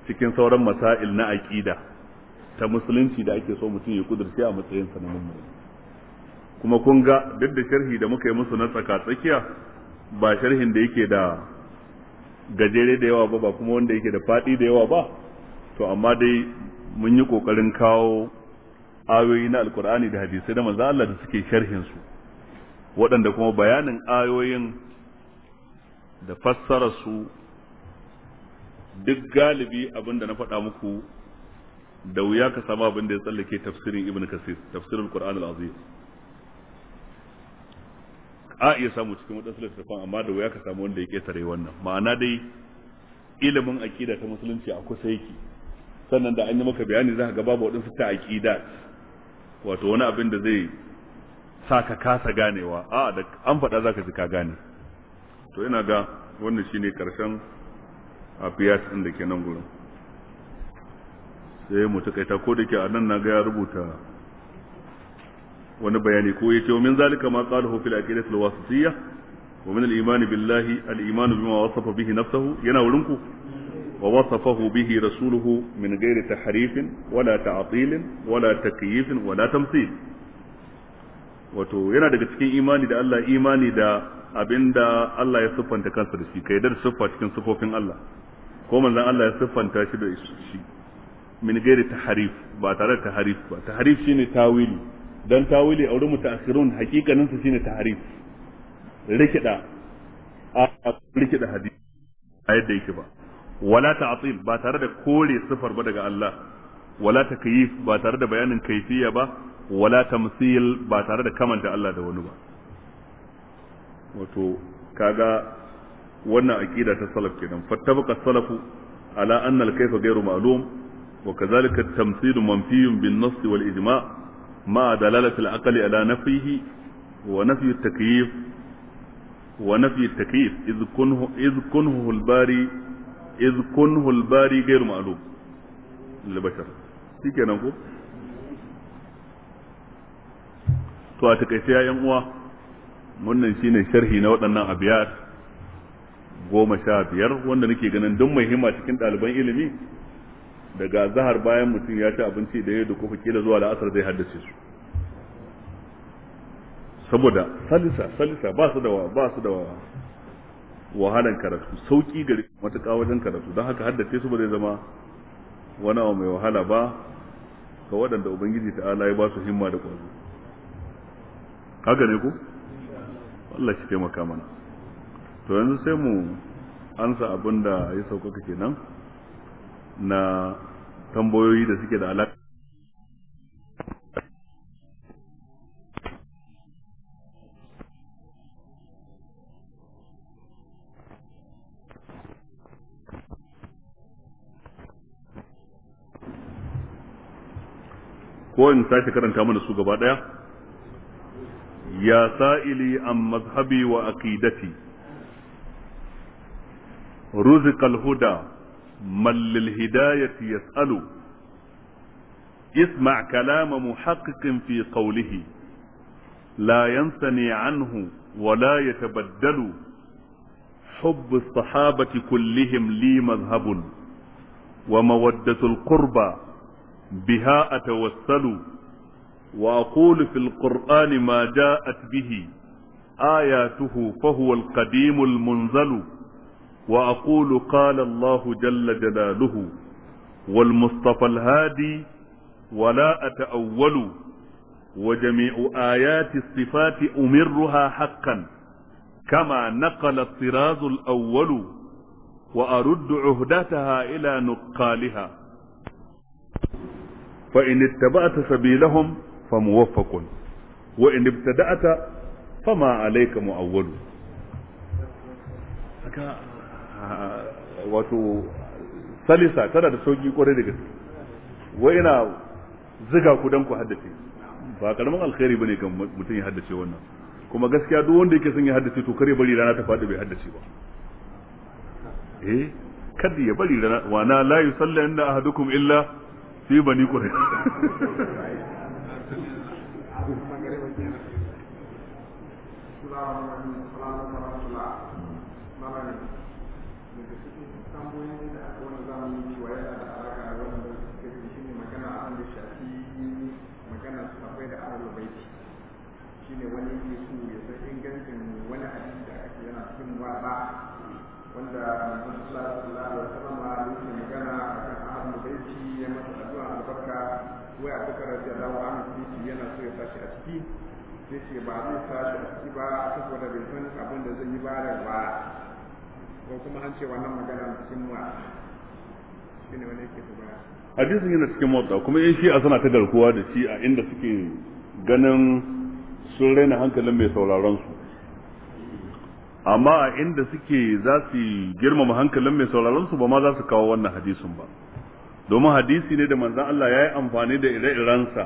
cikin sauran masail na aƙida ta musulunci da ake so mutum ya kudirce a matsayin sa na mummuni kuma kun ga duk da sharhi da muka yi musu na tsaka tsakiya ba sharhin da yake da gajere da yawa ba ba kuma wanda yake da faɗi da yawa ba to amma dai mun yi ƙoƙarin kawo ayoyi na alkur'ani da hadisai da manzo Allah da suke sharhin su waɗanda kuma bayanin ayoyin da fassara su duk galibi abin da na faɗa muku da wuya ka samu abin da ya tsallake tafsirin ibn kasir tafsirin qur'an al-azim a iya samu cikin waɗansu littattafan amma da wuya ka samu wanda ya ketare wannan ma'ana dai ilimin aƙida ta musulunci a kusa yake sannan da an yi maka bayani za ka ga babu waɗansu ta aƙida wato wani abin da zai sa ka kasa ganewa a da an faɗa za ka ji ka gane to ina ga wannan shine karshen a fiyas inda ke nan gurin sai mu takaita ko da ke a nan na ga ya rubuta wani bayani ko ya ce min zalika ma qalahu fil aqidat al wasitiyya wa min al iman billahi al iman bima wasafa bihi nafsuhu yana wurin ku wa wasafahu bihi rasuluhu min ghairi tahrifin wala ta'til wala takyif wala tamthil wato yana daga cikin imani da Allah imani da abinda Allah ya siffanta kansa da shi kai da siffa cikin sifofin Allah ko manzon Allah ya siffanta shi da shi min gairi taharif ba tare da taharif ba taharif shine tawili dan tawili a mutaakhirun hakikanin su shine taharif rikida a rikida hadisi a yadda yake ba wala ta'til ba tare da kore sifar ba daga Allah wala takyif ba tare da bayanin kaifiya ba wala tamsil ba tare da kamanta Allah da wani ba wato kaga wannan aqida ta salaf kenan fattabaqa salafu ala anna al-kayfa ghayru ma'lum wa kadhalika at-tamthil manfiyun bin-nass wal-ijma' ma dalalati al-aqli ala nafihi wa nafyu at-takyif wa nafyu at-takyif idh kunhu idh kunhu al-bari idh kunhu al-bari ghayru ma'lum lil-bashar shikenan ko to a takaice ya yan uwa wannan shine sharhi na waɗannan abiyar. goma sha biyar wanda nake ganin duk mai himma cikin ɗaliban ilimi daga zahar bayan mutum ya ci abinci da ya dukufa kila zuwa la'asar zai haddace su saboda salisa salisa ba su da ba su da wahalan karatu sauki gari matuƙa wajen karatu don haka haddace su ba zai zama wani abu mai wahala ba ga waɗanda ubangiji ala ya ba su himma da ƙwazo haka ne ku Allah shi taimaka mana to yanzu sai mu ansa abin da ya saukaka kenan na tambayoyi da suke da alaƙa ko in sake karanta mana su gaba ɗaya ya sa'ili an mazhabi wa aqidati رزق الهدى من للهداية يسأل اسمع كلام محقق في قوله لا ينثني عنه ولا يتبدل حب الصحابة كلهم لي مذهب ومودة القربى بها أتوسل وأقول في القرآن ما جاءت به آياته فهو القديم المنزل وأقول قال الله جل جلاله والمصطفى الهادي ولا أتأول وجميع آيات الصفات أمرها حقا كما نقل الطراز الأول وأرد عهدتها إلى نقالها فإن اتبعت سبيلهم فموفق وإن ابتدأت فما عليك مؤول wato salisa tana da sauki kwarai da gaske wai ina ziga ku dan ku haddace ba karamin alkhairi bane kan mutum ya haddace wannan kuma gaskiya duk wanda yake son ya haddace to kare bari rana ta fadi bai haddace ba eh kaddi ya bari rana wa na la yusalli inna ahadukum illa fi bani quraysh Thank you. ce wannan magana cikin wa ne wani yake hadisin yana cikin motsa kuma in shi a sana ta garkuwa da shi a inda suke ganin sun raina hankalin mai sauraron su amma a inda suke za su girmama hankalin mai sauraron su ba ma za su kawo wannan hadisin ba domin hadisi ne da manzan Allah ya yi amfani da ire-irensa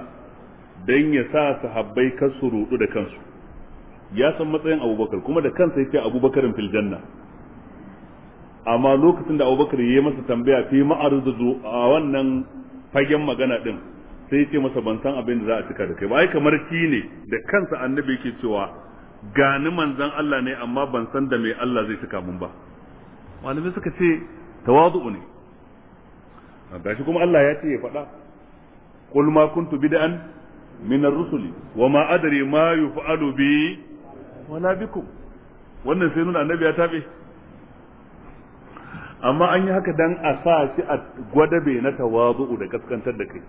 don ya sa habbai kan su rudu da kansu ya san matsayin abubakar kuma da kansa ya ce abubakarin filjanna amma lokacin da abubakar ya yi masa tambaya fi ma'arzu a wannan fagen magana din sai ce masa ban san abin da za a cika da kai ba ai kamar ki ne da kansa annabi yake cewa gani manzon Allah ne amma ban san da mai Allah zai cika mun ba malamai suka ce tawadu ne gashi kuma Allah ya ce ya faɗa qul ma kuntu bid'an min ar-rusuli wa ma adri ma yuf'alu bi wala bikum wannan sai nuna annabi ya tabe amma an yi haka dan a sa shi a gwadabe na tawazu'u da kaskantar da kai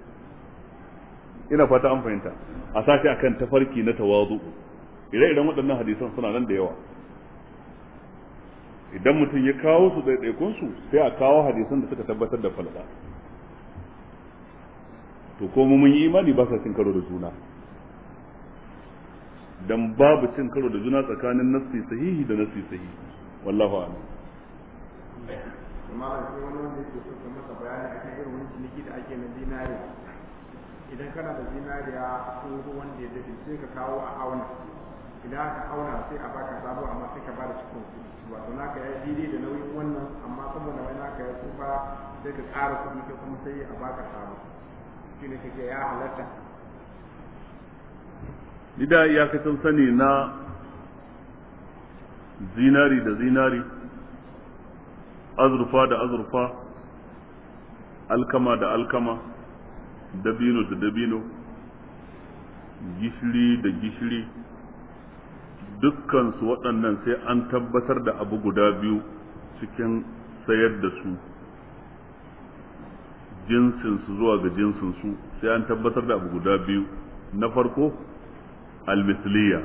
ina fata an fahimta a sa shi akan tafarki na tawazu'u ire-iren waɗannan hadisan suna nan da yawa idan mutum ya kawo su ɗaiɗaikun su sai a kawo hadisan da suka tabbatar da falda. to ko mu mun yi imani ba sa cin karo da juna dan babu cin karo da juna tsakanin nassi sahihi da nassi sahihi wallahu a'lam amma sai wani wanda yake so ka masa bayani akan irin wani ciniki da ake na zinariya idan kana da zinariya tsoho wanda ya dace sai ka kawo a auna idan aka auna sai a baka sabo amma sai ka bada cikin kuɗi wato naka ya daidai da nauyin wannan amma saboda wani naka ya tsufa sai ka ƙara kuɗi ka kuma sai a baka sabo shi ne kake ya halatta ya iyakacin sani na zinari da zinari azurfa da azurfa alkama da alkama dabino da dabino gishiri da gishiri dukkansu waɗannan sai an tabbatar da abu guda biyu cikin sayar da su jinsinsu zuwa ga jinsinsu sai an tabbatar da abu guda biyu na farko almisliya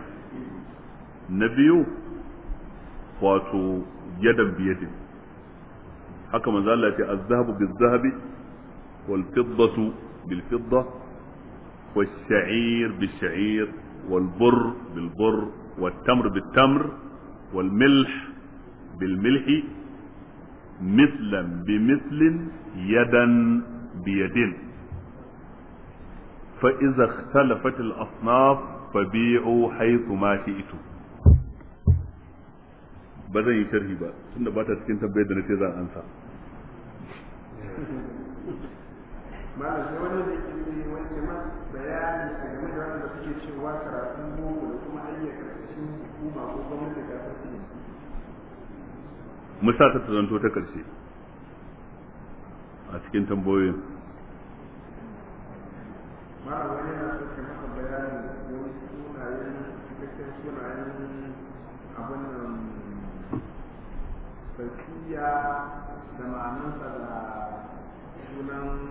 na biyu wato yadan biyadin haka manzo Allah ya ce az-zahabu biz-zahabi wal-fiddatu bil-fidda wash-sha'ir bish-sha'ir wal-burr bil-burr wat-tamr bit-tamr wal-milh bil-milh mithlan bimithlin yadan biyadin fa idza ikhtalafat al-asnaf fabi'u haythu ma shi'tum ba zan yi sharhi ba tunda ba ta cikin tabbayar da na ce za a ansa sai bayani a da wanda suke karatun boko da kuma hanyar karkashin ko gwamnati karfi musa ta tsananto ta karshe a cikin tambayoyin malam wani yana so maka da wasu sunayen dukiya da ma'anansa da sunan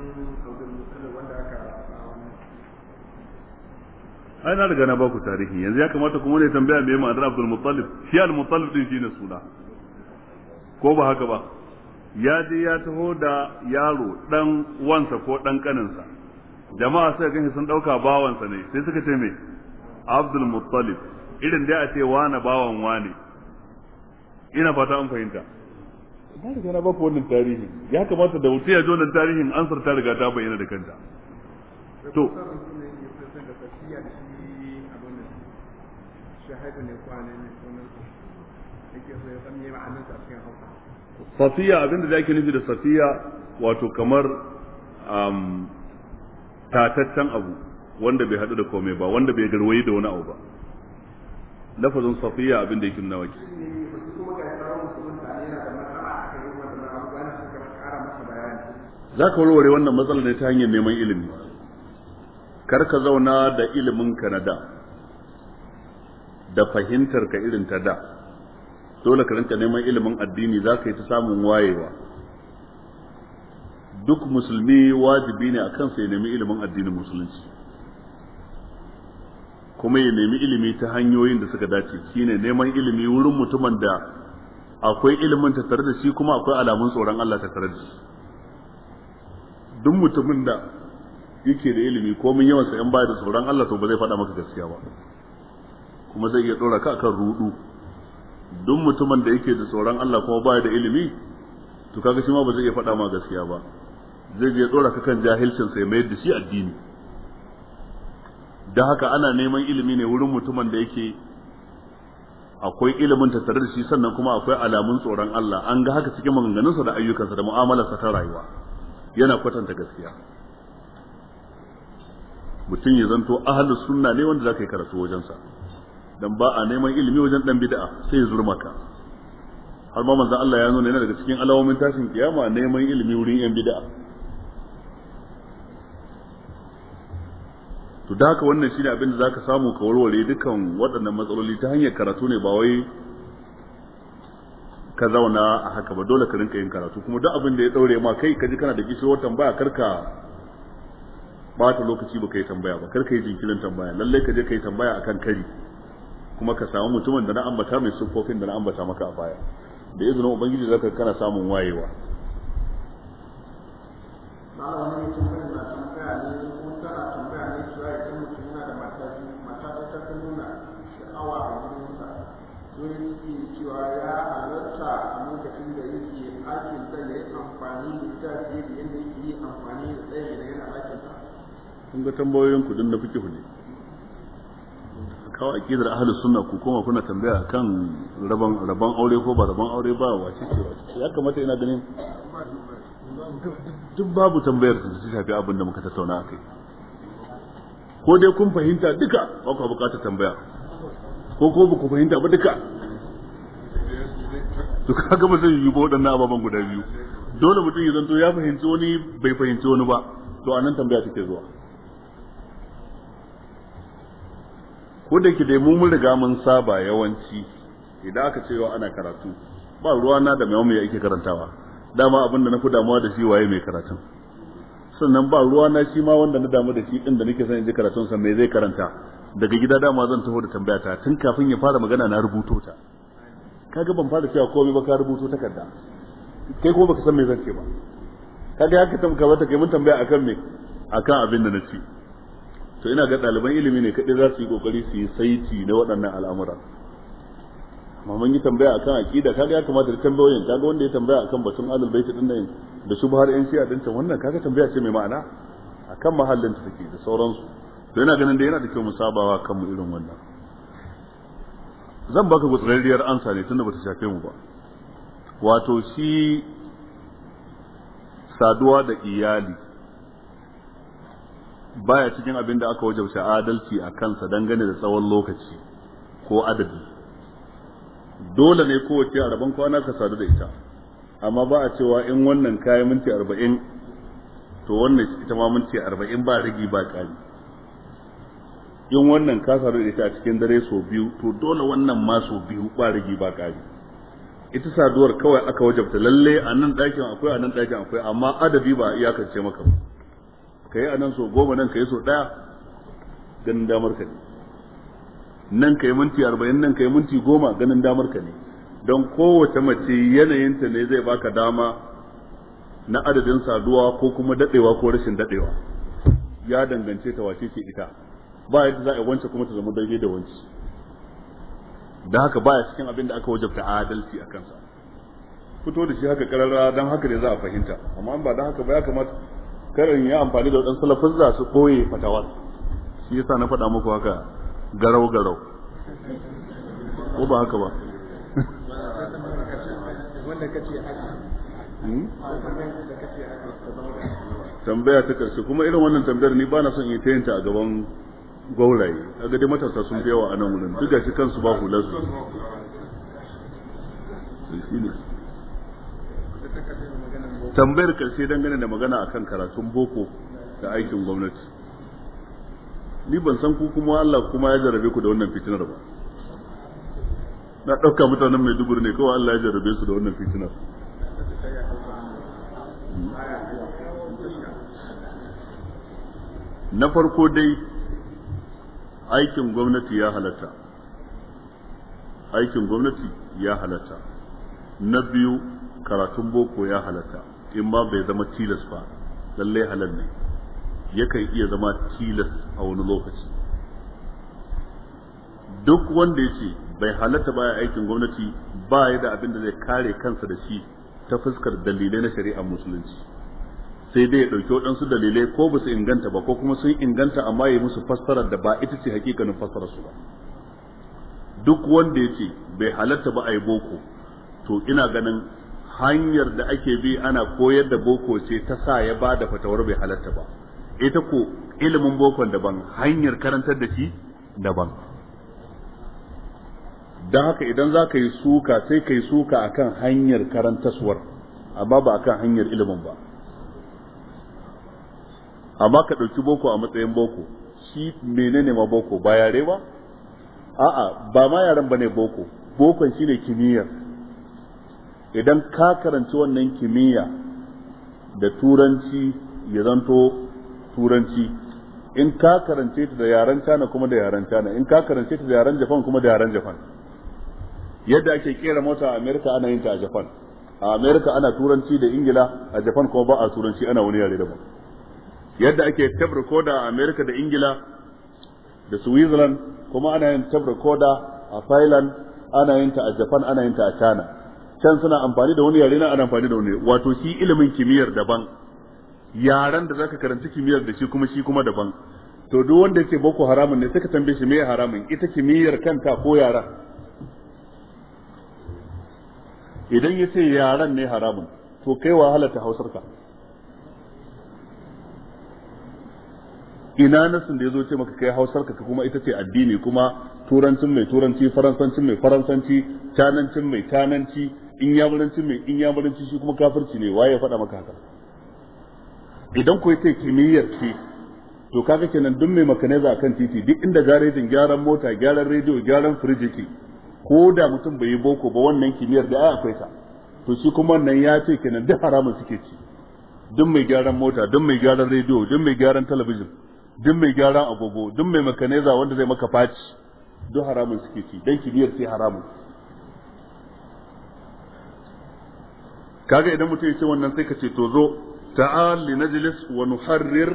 ai na riga na baku tarihi yanzu ya kamata kuma ne tambaya me ma'anar Abdul mutalib shi Al mutalib din shine suna ko ba haka ba ya je ya taho da yaro dan wansa ko dan kaninsa jama'a suka gani sun dauka bawansa ne sai suka ce me Abdul mutalib irin da a ce wani bawan wani ina fata an fahimta na riga na ba ku wannan tarihi ya kamata da wuce ya ji wannan tarihin ansar ta riga ta bayyana da kanta to safiya abin da zaki nufi da safiya wato kamar um, tataccen abu wanda bai haɗu da komai ba wanda bai garwayi da wani abu ba lafazin safiya abin abinda yake nuna wake za ka warware wannan matsalar ne ta hanyar neman ilimi kar ka zauna da ilimin ka na da da fahimtar ka irin ta da dole ka rinka neman ilimin addini za ka yi ta samun wayewa duk musulmi wajibi ne a kansa ya nemi ilimin addinin musulunci kuma ya nemi ilimi ta hanyoyin da suka dace shine neman ilimi wurin mutumin da akwai ilimin tattare da shi kuma akwai alamun tsoron Allah tattare da shi duk mutumin da yake da ilimi ko mun yawan sa yan baya da tsoron Allah to ba zai faɗa maka gaskiya ba kuma zai iya dora ka akan rudu duk mutumin da yake da tsoron Allah kuma baya da ilimi to kaga shi ma ba zai iya faɗa maka gaskiya ba zai je dora ka kan jahilcin sai mai da shi addini da haka ana neman ilimi ne wurin mutumin da yake akwai ilimin tattare da shi sannan kuma akwai alamun tsoron Allah an ga haka cikin maganganunsa da ayyukansa da mu'amalarsa ta rayuwa yana kwatanta gaskiya mutum ya zanto ahalus sunna ne wanda zaka yi karatu wajensa dan ba a neman ilimi wajen dan bid'a sai ya zurma ka har ma manzon Allah ya nuna yana daga cikin alawomin tashin kiyama neman ilimi wurin yan bid'a to da haka wannan shine abin da zaka samu ka warware dukan waɗannan matsaloli ta hanyar karatu ne ba wai ka zauna a haka ba dole ka rinka yin karatu kuma duk abin da ya daure ma kai ka ji kana da kishiyar tambaya karka bata lokaci ba yi tambaya ba karka yi jinkirin tambaya lalle ka je kai tambaya akan kari kuma ka samu mutumin da na ambata mai siffofin da na ambata maka a baya da izinin ubangiji zaka kana samun wayewa ga tambayoyin ku din na fikihu ne kawo ahlus sunna ku koma kuna tambaya kan rabon aure ko ba rabon aure ba wace ce ce ya kamata ina ganin duk babu tambayar da ta shafi abin da muka tattauna akai ko dai kun fahimta duka ba ku bukatar tambaya ko ko ba ku fahimta ba duka to kaga ba zai yi ba waɗannan ababen guda biyu dole mutum ya zanto ya fahimci wani bai fahimci wani ba to anan tambaya take zuwa ko da ke mu mun riga mun saba yawanci idan aka ce ana karatu ba ruwa na da mai yake karantawa dama abinda na fi damuwa da shi waye mai karatun sannan ba ruwa na shi ma wanda na damu da shi din da nake son in ji karatun sa me zai karanta daga gida dama zan taho da tambaya ta tun kafin ya fara magana na rubuto ta kaga ban fara cewa komai ba ka rubuto takarda kai ko baka san me zan ce ba kaga haka tamka ba ta kai mun tambaya akan me akan abin da na ce to ina ga ɗaliban ilimi ne kaɗai za su yi ƙoƙari su yi saiti na waɗannan al'amura amma mun yi tambaya akan aƙida kaga ya kamata da tambayoyin kaga wanda ya tambaya akan batun alul baiti din nan da shuba har yan shi'a dinta wannan kaga tambaya ce mai ma'ana akan mahallin ta take da sauransu to ina ganin da yana da kyau mu sabawa kan mu irin wannan zan baka gutsurariyar ansa ne tunda bata shafe mu ba wato shi saduwa da iyali baya cikin abin da aka wajabta adalci a kansa dangane da tsawon lokaci ko adadi dole ne kowace a kwana ka sadu da ita amma ba a cewa in wannan kayan minti arba'in to wannan ita ma minti arba'in ba rigi ba kari in wannan ka sadu da ita a cikin dare sau biyu to dole wannan ma sau biyu ba rigi ba kari ita saduwar kawai aka wajabta lalle a nan ɗakin akwai a nan ɗakin akwai amma adadi ba a iyakance maka ba Ka a anan so goma nan ka yi so daya ganin damar ka ne nan ka yi minti arba'in nan ka yi minti goma ganin damar ka ne don kowace mace yanayinta ne zai baka dama na adadin saduwa ko kuma dadewa ko rashin dadewa ya dangance ta wace ce ita ba yadda za a wance kuma ta zama daidai da wance da haka baya cikin abin da aka wajabta adalci a kansa fito da shi haka karara don haka ne za a fahimta amma ba da haka ba ya kamata karin ya amfani da waɗansu lafazza su koye fatawar shi yasa na faɗa muku haka garau garau ko ba haka ba hmm? tambaya ta karshe kuma irin wannan tambayar ni ba na son yi ta yinta a gaban gwauraye a gadi matasa sun fi yawa a nan wurin duk da shi kansu ba hular shi ne tambayar karshe dangane da magana a kan karatun boko da aikin gwamnati ni ban san ku kuma Allah kuma ya jarabe ku da wannan fitinar ba na ɗauka mutanen mai dubur ne kawai Allah ya jarabe su da wannan fitinar na farko dai aikin gwamnati ya halatta aikin gwamnati ya halatta na biyu karatun boko ya halatta in ma bai zama tilas ba lallai halal ne yakan iya zama tilas a wani lokaci duk wanda ya ce bai halatta baya aikin gwamnati ba ya da abin da zai kare kansa da shi ta fuskar dalilai na shari'ar musulunci sai dai ya ɗauki waɗansu dalilai ko ba su inganta ba ko kuma sun inganta amma ya musu fassarar da ba ita ce hakikanin fassarar su ba duk wanda ya ce bai halatta ba a yi boko to ina ganin hanyar da ake bi ana koyar da boko ce ta sa ya ba da fatawar bai halatta ba ita ko ilimin bokon daban hanyar karantar da shi daban don haka idan za ka yi suka sai ka yi suka a kan hanyar karantaswar amma ba a kan hanyar ilimin ba amma ka ɗauki boko a matsayin boko shi menene ma boko ba yare ba a'a ba ma yaren ne boko bokon shine kimiyyar idan ka karanci wannan kimiyya da turanci ya zanto turanci in ka karance ta da yaren China kuma da yaren China in ka karance ta da yaren Japan kuma da yaren Japan yadda ake kera mota a America ana yin ta a Japan a America ana turanci da Ingila a Japan kuma ba a turanci ana wani yare daban yadda ake tape recorder a America da Ingila da Switzerland kuma ana yin tape recorder a Thailand ana yin ta a Japan ana yin ta a China can suna amfani da wani yare na ana amfani da wani wato shi ilimin kimiyyar daban yaren da zaka karanta kimiyyar da shi kuma shi kuma daban to duk wanda yake boko haramun ne suka tambaye shi me haramun ita kimiyyar kanta ko yara idan ya ce yaren ne haramun to kai wahala ta hausarka ina nasin da ya zo ce maka kai hausarka ka kuma ita ce addini kuma turancin mai turanci faransancin mai faransanci canancin mai cananci in yabaranci mai in yabaranci shi kuma kafirci ne waye ya faɗa maka haka idan ko yace kimiyyar ce to kaga kenan duk mai makanaiza akan titi duk inda garejin gyaran mota gyaran rediyo gyaran firiji ke ko da mutum bai yi boko ba wannan kimiyyar da ai akwai ta to shi kuma wannan ya ce kenan duk haramun suke ci duk mai gyaran mota duk mai gyaran rediyo duk mai gyaran talabijin duk mai gyaran agogo duk mai makanaiza wanda zai maka faci duk haramun suke ci dan kimiyyar sai haramun kaga idan mutum ya ce wannan sai ka ce to zo ta'al li najlis wa nuharrir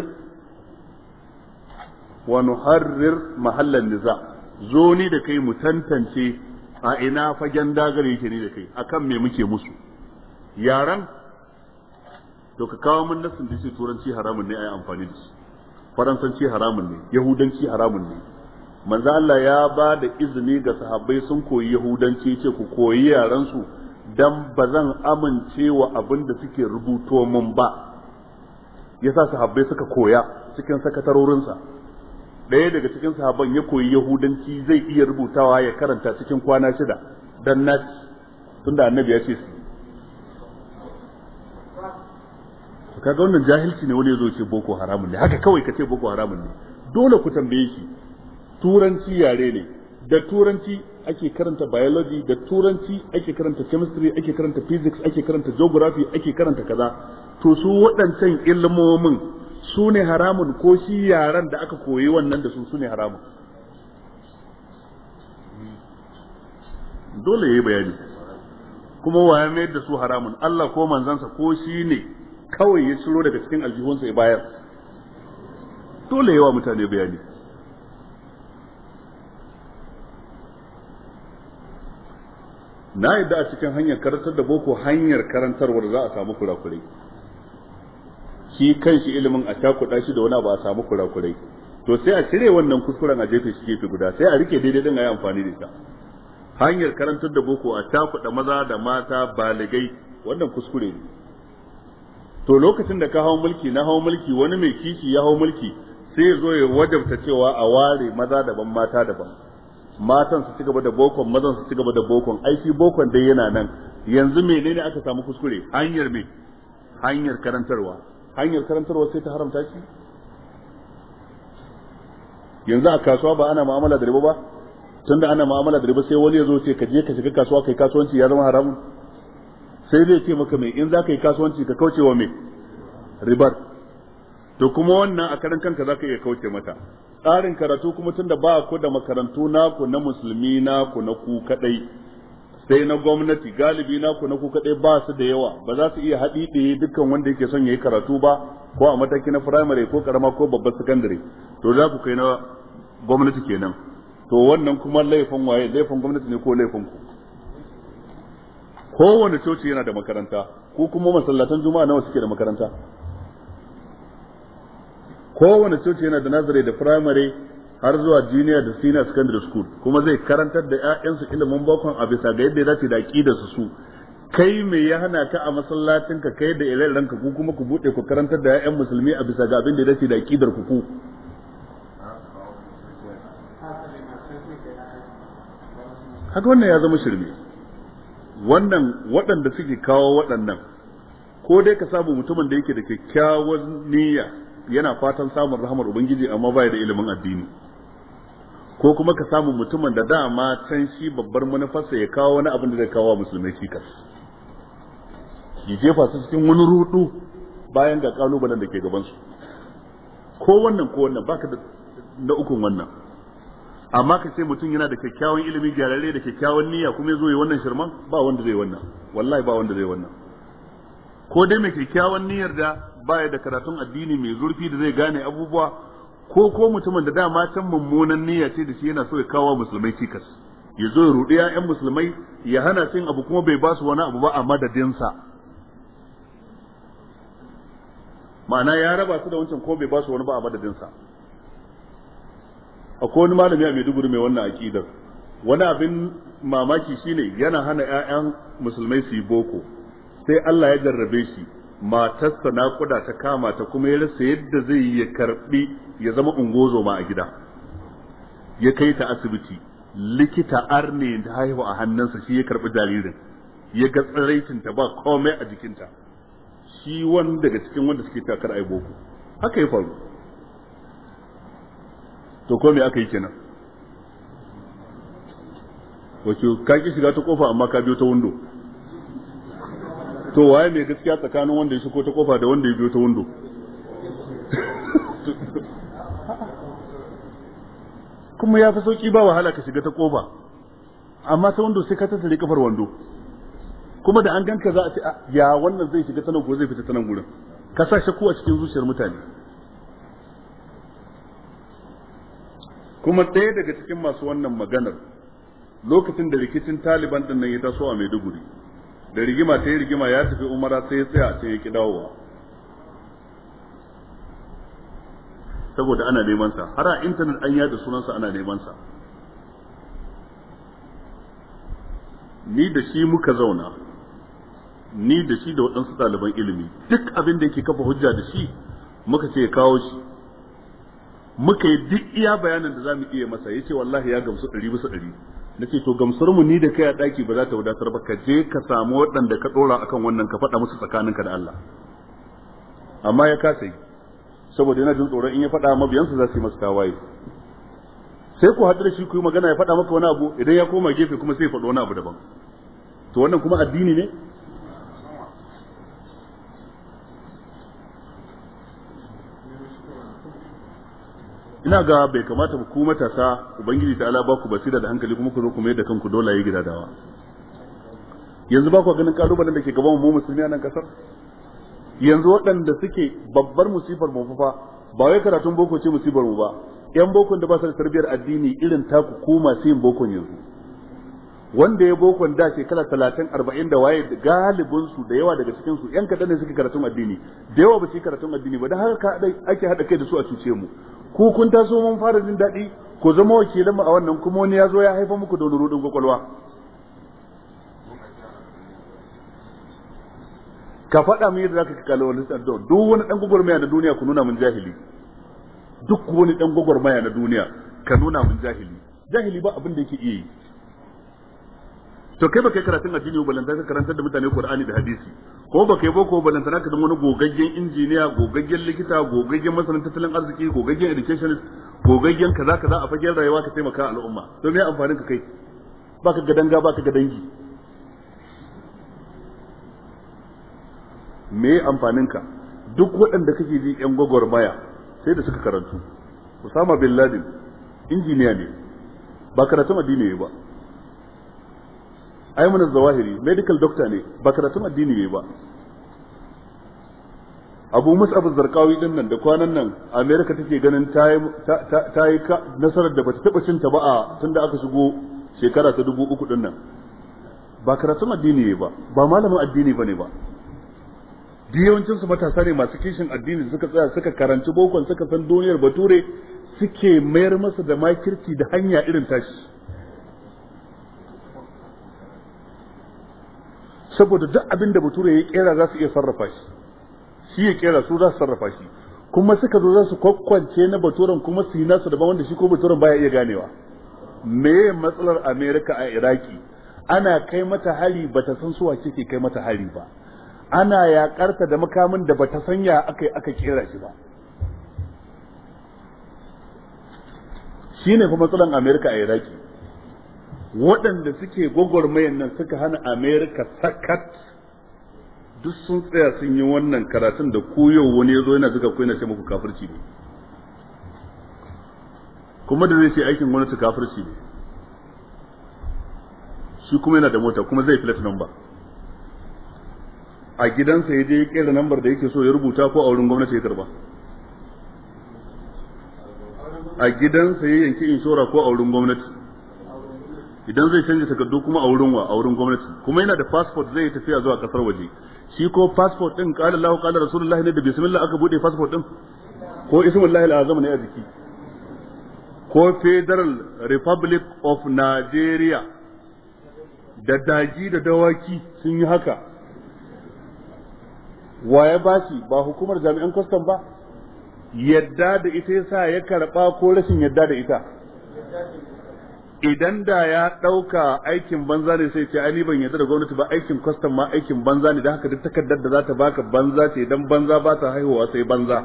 wa nuharrir mahallan niza zo ni da kai mu tantance a ina fagen dagar yake ni da kai akan me muke musu yaran to ka kawo mun nasin da turanci haramun ne ai amfani da shi faransanci haramun ne yahudanci haramun ne manzo Allah ya ba da izini ga sahabbai sun koyi yahudanci ce ku koyi yaran su dan ba zan amince wa abin da suke rubuto mun ba yasa sahabbai suka koya cikin sakatarorinsa ɗaya daga cikin sahabban ya koyi yahudanci zai iya rubutawa ya karanta cikin kwana shida dan naci tunda annabi ya ce su kaga wannan jahilci ne wani ya zo ce boko haramun ne haka kawai ka ce boko haramun ne dole ku tambaye shi turanci yare ne da turanci ake karanta biology da turanci ake karanta chemistry ake karanta physics ake karanta geography ake karanta kaza to su waɗancan ilmomin su ne haramun ko shi yaran da aka koyi wannan da su su ne haramun dole yayi bayani kuma wa ya da su haramun Allah ko manzansa ko shi ne kawai ya ciro daga cikin aljihunsa ya bayar dole yawa mutane bayani na yadda a cikin hanyar karantar da boko hanyar karantarwar za a samu kurakurai shi kan shi ilimin a kuɗa, shi da wani ba a samu kurakurai to sai a cire wannan kuskuren a jefe shi gefe guda sai a rike daidai din a yi amfani da ita hanyar karantar da boko a kuɗa maza da mata baligai wannan kuskure ne to lokacin da ka hau mulki na hau mulki wani mai kishi ya hau mulki sai ya zo ya wajabta cewa a ware maza daban mata daban matan su cigaba da bokon mazan su cigaba da bokon ai shi bokon dai yana nan yanzu menene aka samu kuskure hanyar me hanyar karantarwa hanyar karantarwa sai ta haramta shi yanzu a kasuwa ba ana mu'amala da riba ba tunda ana mu'amala da riba sai wani ya zo ce ka je ka shiga kasuwa kai kasuwanci ya zama haramun sai zai ce maka mai in za ka yi kasuwanci ka kauce wa mai ribar to kuma wannan a karan kanka za ka iya kauce mata tsarin karatu kuma tunda ba ku da makarantu naku na musulmi naku na ku kadai sai na gwamnati galibi naku na ku kadai ba su da yawa ba za su iya haɗi ɗaya dukkan wanda yake son ya yi karatu ba ko a mataki na firamare ko karama ko babbar sakandare to za ku kai na gwamnati kenan to wannan kuma laifin waye laifin gwamnati ne ko laifin ku kowane coci yana da makaranta ko kuma masallatan juma'a nawa suke da makaranta kowane coci yana da nazare da primary har zuwa junior da senior secondary school kuma zai karantar da 'ya'yansu ilimin bakon a bisa ga yadda ya dace da aƙida su su kai me ya hana ta a masallacin ka kai da ilalran ranka ku kuma ku bude ku karantar da 'ya'yan musulmi a bisa ga abin da ya dace da aƙidar ku ku haka wannan ya zama shirme wannan waɗanda suke kawo waɗannan ko dai ka samu mutumin da yake da kyakkyawan niyya yana fatan samun rahamar ubangiji amma bai da ilimin addini ko kuma ka samu mutumin da dama can shi babbar manufarsa ya kawo wani abin da zai kawo musulmai cikas ya jefa su cikin wani rudu bayan ga kalubalen da ke gabansu ko wannan ko wannan baka da na ukun wannan amma ka ce mutum yana da kyakkyawan ilimi gyararre da kyakkyawan niyya kuma ya zo yi wannan shirman ba wanda zai wannan wallahi ba wanda zai wannan ko dai mai kyakkyawan niyyar da baya da karatun addini mai zurfi da zai gane abubuwa ko ko mutumin da dama can mummunan niyya ce da shi yana so ya kawo musulmai cikas ya zo ya rudi 'ya'yan musulmai ya hana cin abu kuma bai ba su wani abu ba a madadinsa ma'ana ya raba su da wancan ko bai ba su wani ba a madadinsa akwai wani malami a Maiduguri mai wannan aƙidar wani abin mamaki shine yana hana 'ya'yan musulmai su yi boko sai Allah ya jarrabe shi matarsa naƙuda ta kama ta kuma ya rasa yadda zai ya karbi ya zama ungozoma a gida ya kai ta asibiti likita arne da haihu a hannunsa shi ya karbi jaririn ya ga tsiraitin ta ba komai a jikinta shi wani daga cikin wanda suke takar ai boko haka ya faru to ko me aka yi kenan wato ka ki shiga ta kofa amma ka biyo ta window to waye mai gaskiya tsakanin wanda ya shigo ta kofa da wanda ya biyo ta windo kuma ya fi sauki ba wahala ka shiga ta kofa amma ta windo sai ka tattare kafar wando kuma da an ganka za a ce ah, ya wannan zai shiga tanan gurin zai fita tanan gurin ka sa shakku a cikin zuciyar mutane kuma ɗaya daga cikin masu wannan maganar lokacin da rikicin taliban ɗin nan ya taso a maiduguri da rigima ta yi rigima ya tafi umara sai ya tsaya sai ya ki dawowa saboda ana neman sa har a intanet an yada sunansa ana neman sa ni da shi muka zauna ni da shi da waɗansu ɗaliban ilimi duk abin da yake kafa hujja da shi muka ce ya kawo shi muka yi duk iya bayanin da za mu iya masa ya ce wallahi ya gamsu ɗari bisa ɗari nace to gamsar mu ni da kai a daki ba za ta wadatar ba ka je ka samu waɗanda ka dora akan wannan ka faɗa musu tsakaninka da Allah amma ya kasa saboda yana jin tsoron in ya faɗa mabiyansa za su yi masa tawaye sai ku haɗu da shi ku yi magana ya faɗa maka wani abu idan ya koma gefe kuma sai ya faɗi wani abu daban to wannan kuma addini ne ina ga bai kamata ku matasa ubangiji ta ala ba ku basira da hankali kuma ku zo ku mai da kanku dole yi dawa yanzu ba ku ganin kalubalen da ke gaban mu musulmi a nan kasar yanzu waɗanda suke babbar musifar mu fa ba wai karatun boko ce musibar mu ba yan bokon da ba su da tarbiyyar addini irin taku ko masu yin bokon yanzu wanda ya boko da shekara talatin arba'in da waye galibin su da yawa daga cikin su yan kaɗan ne suke karatun addini da yawa ba su karatun addini ba da haka ake haɗa kai da su a cuce mu ku kun taso mun fara jin daɗi ku zama wakilin mu a wannan kuma wani ya zo ya haifa muku da wani rudin kwakwalwa ka faɗa min yadda zaka kalla wani addu'a duk wani dan gwagwarmaya na duniya ku nuna mun jahili duk wani dan gwagwarmaya na duniya ka nuna mun jahili jahili ba abin da yake iya yi to kai baka yi karatun addini ba lantarki karantar da mutane Qur'ani da hadisi ko baka yi boko ba ka zama wani gogaggen injiniya gogaggen likita gogaggen masanin tattalin arziki gogaggen educationist gogaggen kaza kaza a fagen rayuwa ka taimaka al'umma to me amfanin ka kai baka ga danga baka ga dangi me amfanin ka duk waɗanda kake ji yan gwagwarmaya sai da suka karantu Usama bin Laden injiniya ne ba karatun addini ne ba aiman zawahiri medical doctor ne ba karatun addini ne ba abu mus'ab zarqawi din nan da kwanan nan america take ganin ta yi nasarar da bata taba cinta ba a tunda aka shigo shekara ta dubu uku din nan ba karatun addini ne ba ba malamin addini bane ba yawancin su matasa ne masu kishin addini suka tsaya suka karanci bokon suka san duniyar bature suke mayar masa da makirci da hanya irin tashi saboda duk abin da bature ya kera za su iya sarrafa shi shi ya kera su za su sarrafa shi kuma suka zo za su kwakwance na baturen kuma su yi nasu daban wanda shi ko baturen baya iya ganewa me matsalar Amerika a iraki ana kai mata hari bata san suwa ke kai mata hari ba ana yakarta da makamin da bata sanya aka aka kera shi ba shine fa matsalar Amerika a iraki waɗanda suke gwagwarmayan nan suka hana amerika sakat duk sun tsaya sun yi wannan karatun da koyo wani ya zo yana suka ko yana ce muku kafirci ne kuma da zai ce aikin gwamnati kafirci ne shi kuma yana da mota kuma zai plate number a gidansa ya je ya kera lambar da yake so ya rubuta ko a wurin gwamnati ya karba a gidansa ya yanki inshora ko a wurin gwamnati idan zai canza takardu kuma a wurin wa a wurin gwamnati kuma yana da passport zai tafiya zuwa kasar waje shi ko passport din qala Allah qala Rasulullahi ne da bismillah aka bude passport din ko ismullahi alazam ne a jiki ko Federal Republic of Nigeria da daji da dawaki sun yi haka waye bashi ba hukumar jami'an kwastam ba yadda da ita yasa ya karba ko rashin yadda da ita idan da ya ɗauka aikin banza ne sai ce ai ban yadda da gwamnati ba aikin kwastam ma aikin banza ne da haka duk takardar da za ta baka banza ce idan banza ba ta haihuwa sai banza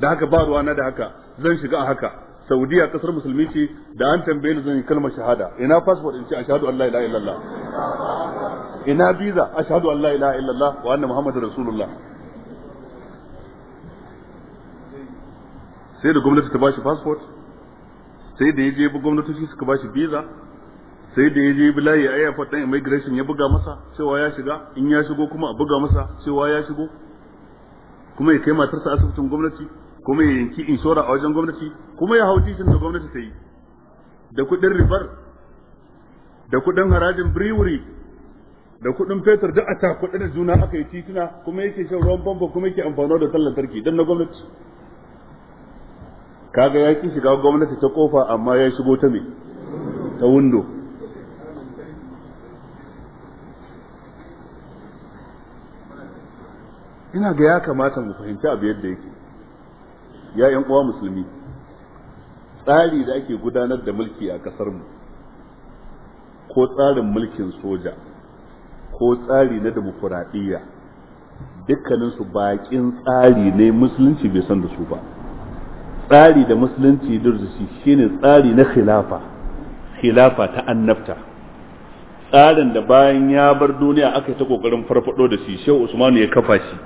da haka ba ruwa na da haka zan shiga a haka saudiya kasar musulmi ce da an tambaye ni zan yi kalmar shahada ina passport in ce ashhadu an la ilaha illallah ina visa ashhadu an la ilaha illallah wa anna muhammadar rasulullah sai da gwamnati ta bashi passport sai da ya je gwamnatoci suka ba shi visa sai da ya je bi layi ai airport din immigration ya buga masa cewa ya shiga in ya shigo kuma a buga masa cewa ya shigo kuma ya kai matarsa asibitin gwamnati kuma ya yanki inshora a wajen gwamnati kuma ya hau titin da gwamnati ta yi da kuɗin ribar da kuɗin harajin brewery da kuɗin fetur duk a takuɗe juna aka yi tituna kuma yake shan ruwan famfo kuma yake amfano da tallan tarki don na gwamnati kaga ya ki shiga gwamnati ta kofa amma ya shigo ta me ta window ina ga ya kamata mu fahimci abu yadda yake ya yan uwa musulmi tsari da ake gudanar da mulki a kasar mu ko tsarin mulkin soja ko tsari na dimokuraɗiyya dukkaninsu baƙin tsari ne musulunci bai san da su ba tsari da musulunci durzushi shine tsari na khilafa khilafa ta annabta tsarin da bayan ya bar duniya aka yi ta kokarin farfado da shi shehu usmanu ya kafa shi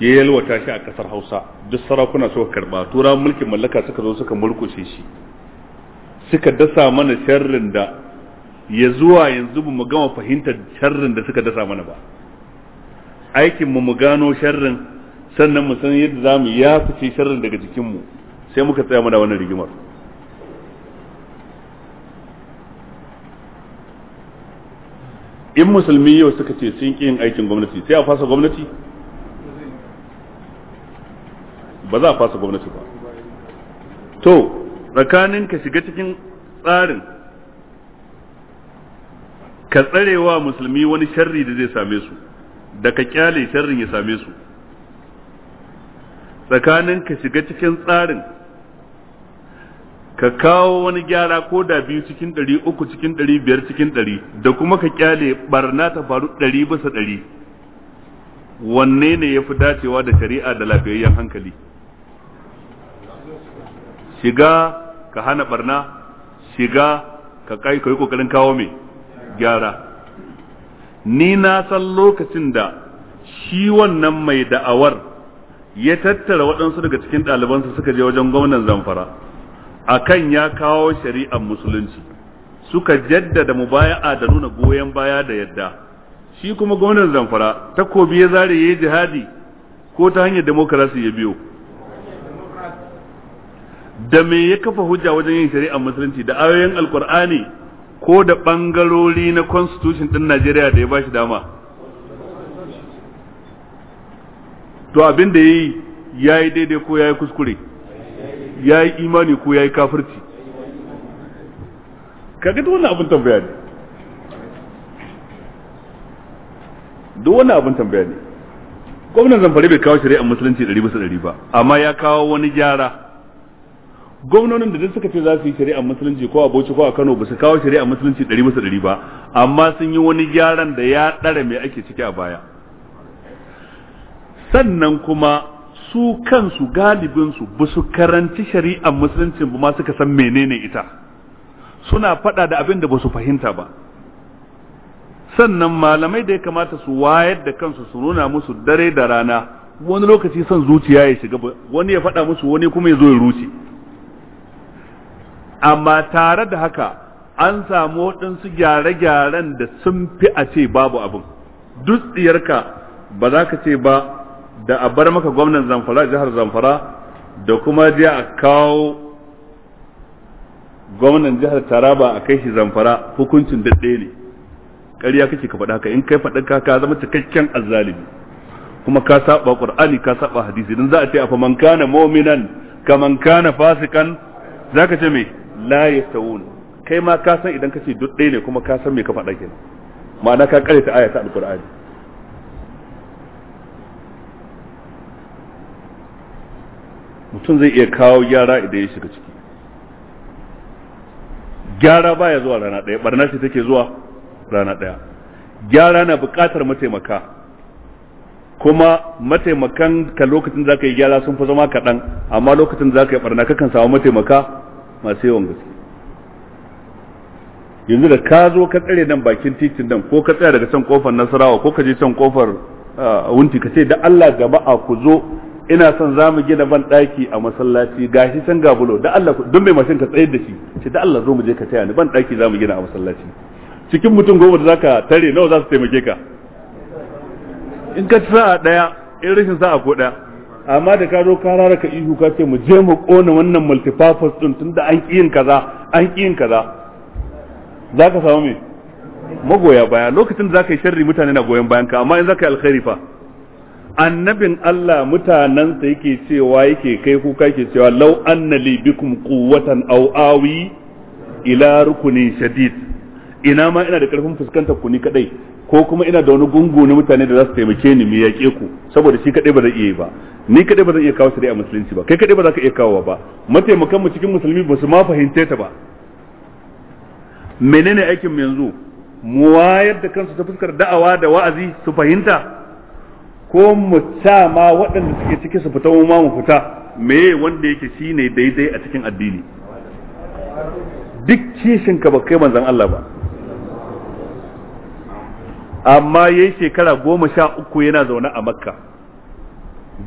ya yalwata shi a kasar hausa duk sarakuna suka karba tura mulkin mallaka suka zo suka mulkushe shi suka dasa mana sharrin da ya zuwa yanzu mu gama fahimtar sharrin da suka dasa mana ba aikin mu mu gano sharrin sannan mu san yadda za mu ya fice sharrin daga jikinmu sai muka tsaya mana wannan rigimar in musulmi yau suka ce sun ƙi yin aikin gwamnati sai a fasa gwamnati ba za a fasa gwamnati ba to tsakanin ka shiga cikin tsarin ka tsarewa musulmi wani sharri da zai same su da ka kyale sharrin ya same su tsakanin ka shiga cikin tsarin ka kawo wani gyara ko da biyu cikin ɗari uku cikin ɗari biyar cikin ɗari da kuma ka kyale barna ta faru ɗari bisa ɗari wanne ne ya fi dacewa da shari'a da lafiyayyen hankali shiga ka hana barna shiga ka kai ka yi kokarin kawo mai gyara ni na san lokacin da shi wannan mai da'awar ya tattara waɗansu daga cikin ɗalibansa suka je wajen gwamnan zamfara a kan ya kawo shari'ar musulunci suka jaddada mu baya a da nuna goyon baya da yadda shi kuma gwamnan zamfara takobi ya zare ya yi jihadi ko ta hanyar demokarasi ya biyo da me ya kafa hujja wajen yin shari'ar musulunci da ayoyin alkur'ani ko da bangarori na constitution din Najeriya da ya ba shi dama to abin da yayi yayi daidai ko yayi kuskure yayi imani ko yayi kafirci kaga duk wannan abin tambaya ne duk wannan abin tambaya ne gwamnan zamfari bai kawo shari'ar musulunci ɗari bisa ɗari ba amma ya kawo wani gyara gwamnonin da duk suka ce za su yi shari'ar musulunci ko a bauchi ko a kano ba su kawo shari'ar musulunci ɗari bisa ɗari ba amma sun yi wani gyaran da ya ɗara mai ake ciki a baya sannan kuma su kansu galibinsu ba su karanci shari'ar musulunci ba ma suka san menene ita suna faɗa da abin da ba su fahimta ba sannan malamai da ya kamata su wayar da kansu su nuna musu dare da rana wani lokaci son zuciya ya shiga wani ya faɗa musu wani kuma ya zo ya ruce amma tare da haka an samu waɗansu gyare-gyaren da sun fi a ce babu abin duk ba za ka ce ba da a bar maka gwamnan zamfara jihar zamfara da kuma je a kawo gwamnan jihar taraba a kai shi zamfara hukuncin daɗe ne ƙarya kake ka faɗa ka in kai faɗa ka ka zama cikakken azzalimi kuma ka saba qur'ani ka saba hadisi dan za a ce a faman kana mu'minan man kana fasikan zaka ce me la yastawun kai ma ka san idan kace duk ɗaya ne kuma ka san me ka faɗa kenan ma'ana ka ta ayata alqur'ani mutum zai iya kawo gyara idan ya shiga ciki gyara baya zuwa rana ɗaya barna ce take zuwa rana ɗaya gyara na buƙatar mataimaka kuma mataimakan ka lokacin za ka yi gyara sun fi zama kaɗan amma lokacin za ka yi barna kakan samu mataimaka masu yawan gaske yanzu da ka zo ka tsare nan bakin titin nan ko ka tsaya daga can kofar nasarawa ko ka je can kofar ah, wunti ka ce da Allah gaba a ku zo ina son za mu gina ban ɗaki a masallaci gashi can ga bulo da Allah don mai mashin ka tsayar da shi ce da Allah zo mu je ka taya ni ban ɗaki za mu gina a masallaci cikin mutum goma da zaka tare nawa za su taimake ka in ka ci sa'a ɗaya in rashin sa'a ko ɗaya. amma da ka zo ka rara ka ihu ka ce mu je mu kona wannan multipurpose din da an ƙiyin kaza an ƙiyin kaza ka samu me magoya baya lokacin da zaka yi sharri mutane na goyon bayan ka amma in za ka yi alkhairi fa annabin Allah mutanensa yake cewa yake kai kuka ke cewa lau anna li bikum quwwatan aw awi ila rukunin shadid ina ma ina da karfin fuskantar ku ni kadai ko kuma ina da wani gungu na mutane da za su taimake ni mu yaƙe ku saboda shi kadai ba zai iya ba ni kadai ba zan iya kawo shari'a musulunci ba kai kadai ba za ka iya kawo ba mataimakan mu cikin musulmi ba su ma fahimce ta ba menene aikin mu yanzu mu wayar da kansu ta fuskar da'awa da wa'azi su fahimta ko mu sa ma waɗanda suke ciki su fita ma mu fita Me wanda yake shine daidai a cikin addini duk kishin ka ba kai manzon Allah ba amma yi shekara goma sha uku yana zaune a makka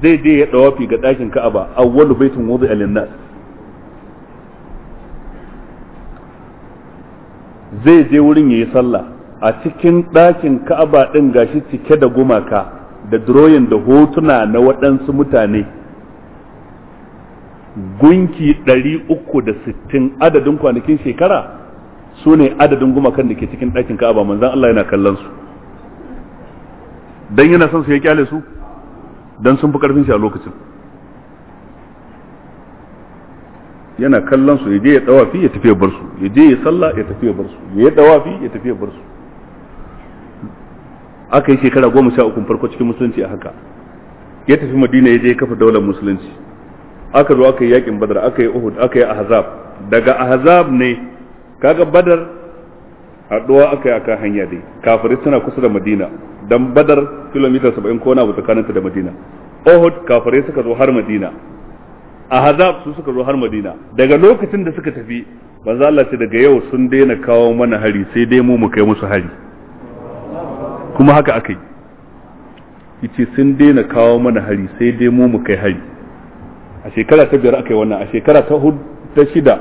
zai je ya dawafi ga ɗakin ka'aba awwalu baitun wudu zai je wurin yayi sallah a cikin ɗakin ka'aba ɗin gashi cike da gumaka da drawing da hotuna na waɗansu mutane gunki 360 adadin kwanakin shekara su ne adadin gumakan da ke cikin ɗakin ka'aba manzan Allah yana kallon su don yana son su ya kyale su don sun fi ƙarfin shi a lokacin yana kallon su ya je ya dawafi ya tafi ya bar su ya je ya sallah ya tafi ya bar su ya dawafi ya tafi ya bar su aka yi shekara goma sha uku farko cikin musulunci a haka ya tafi madina ya je kafa daular musulunci aka zo aka yi yakin badar aka yi uhud aka yi ahzab daga ahzab ne kaga badar haɗuwa aka yi aka hanya dai kafirai suna kusa da madina dan badar kilomita saba'in ko na tsakaninta da madina uhud kafirai suka zo har madina ahzab su suka zo har madina daga lokacin da suka tafi manzo Allah ce daga yau sun daina kawo mana hari sai dai mu mu kai musu hari kuma haka aka yi yace sun daina kawo mana hari sai dai mu mu kai hari a shekara ta biyar aka yi wannan a shekara ta ta shida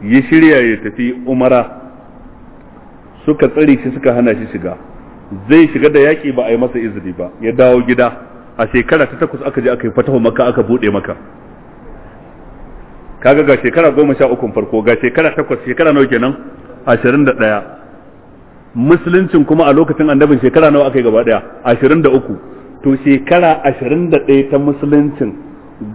ya shirya ya tafi umara suka tsare shi suka hana shi shiga zai shiga da yaƙi ba a yi masa izini ba ya dawo gida a shekara ta takwas aka je aka yi fatahu maka aka buɗe maka kaga ga shekara goma sha ukun farko ga shekara takwas shekara nawa kenan ashirin da ɗaya musuluncin kuma a lokacin annabin shekara nawa aka yi gaba daya ashirin da uku to shekara ashirin da ɗaya ta musuluncin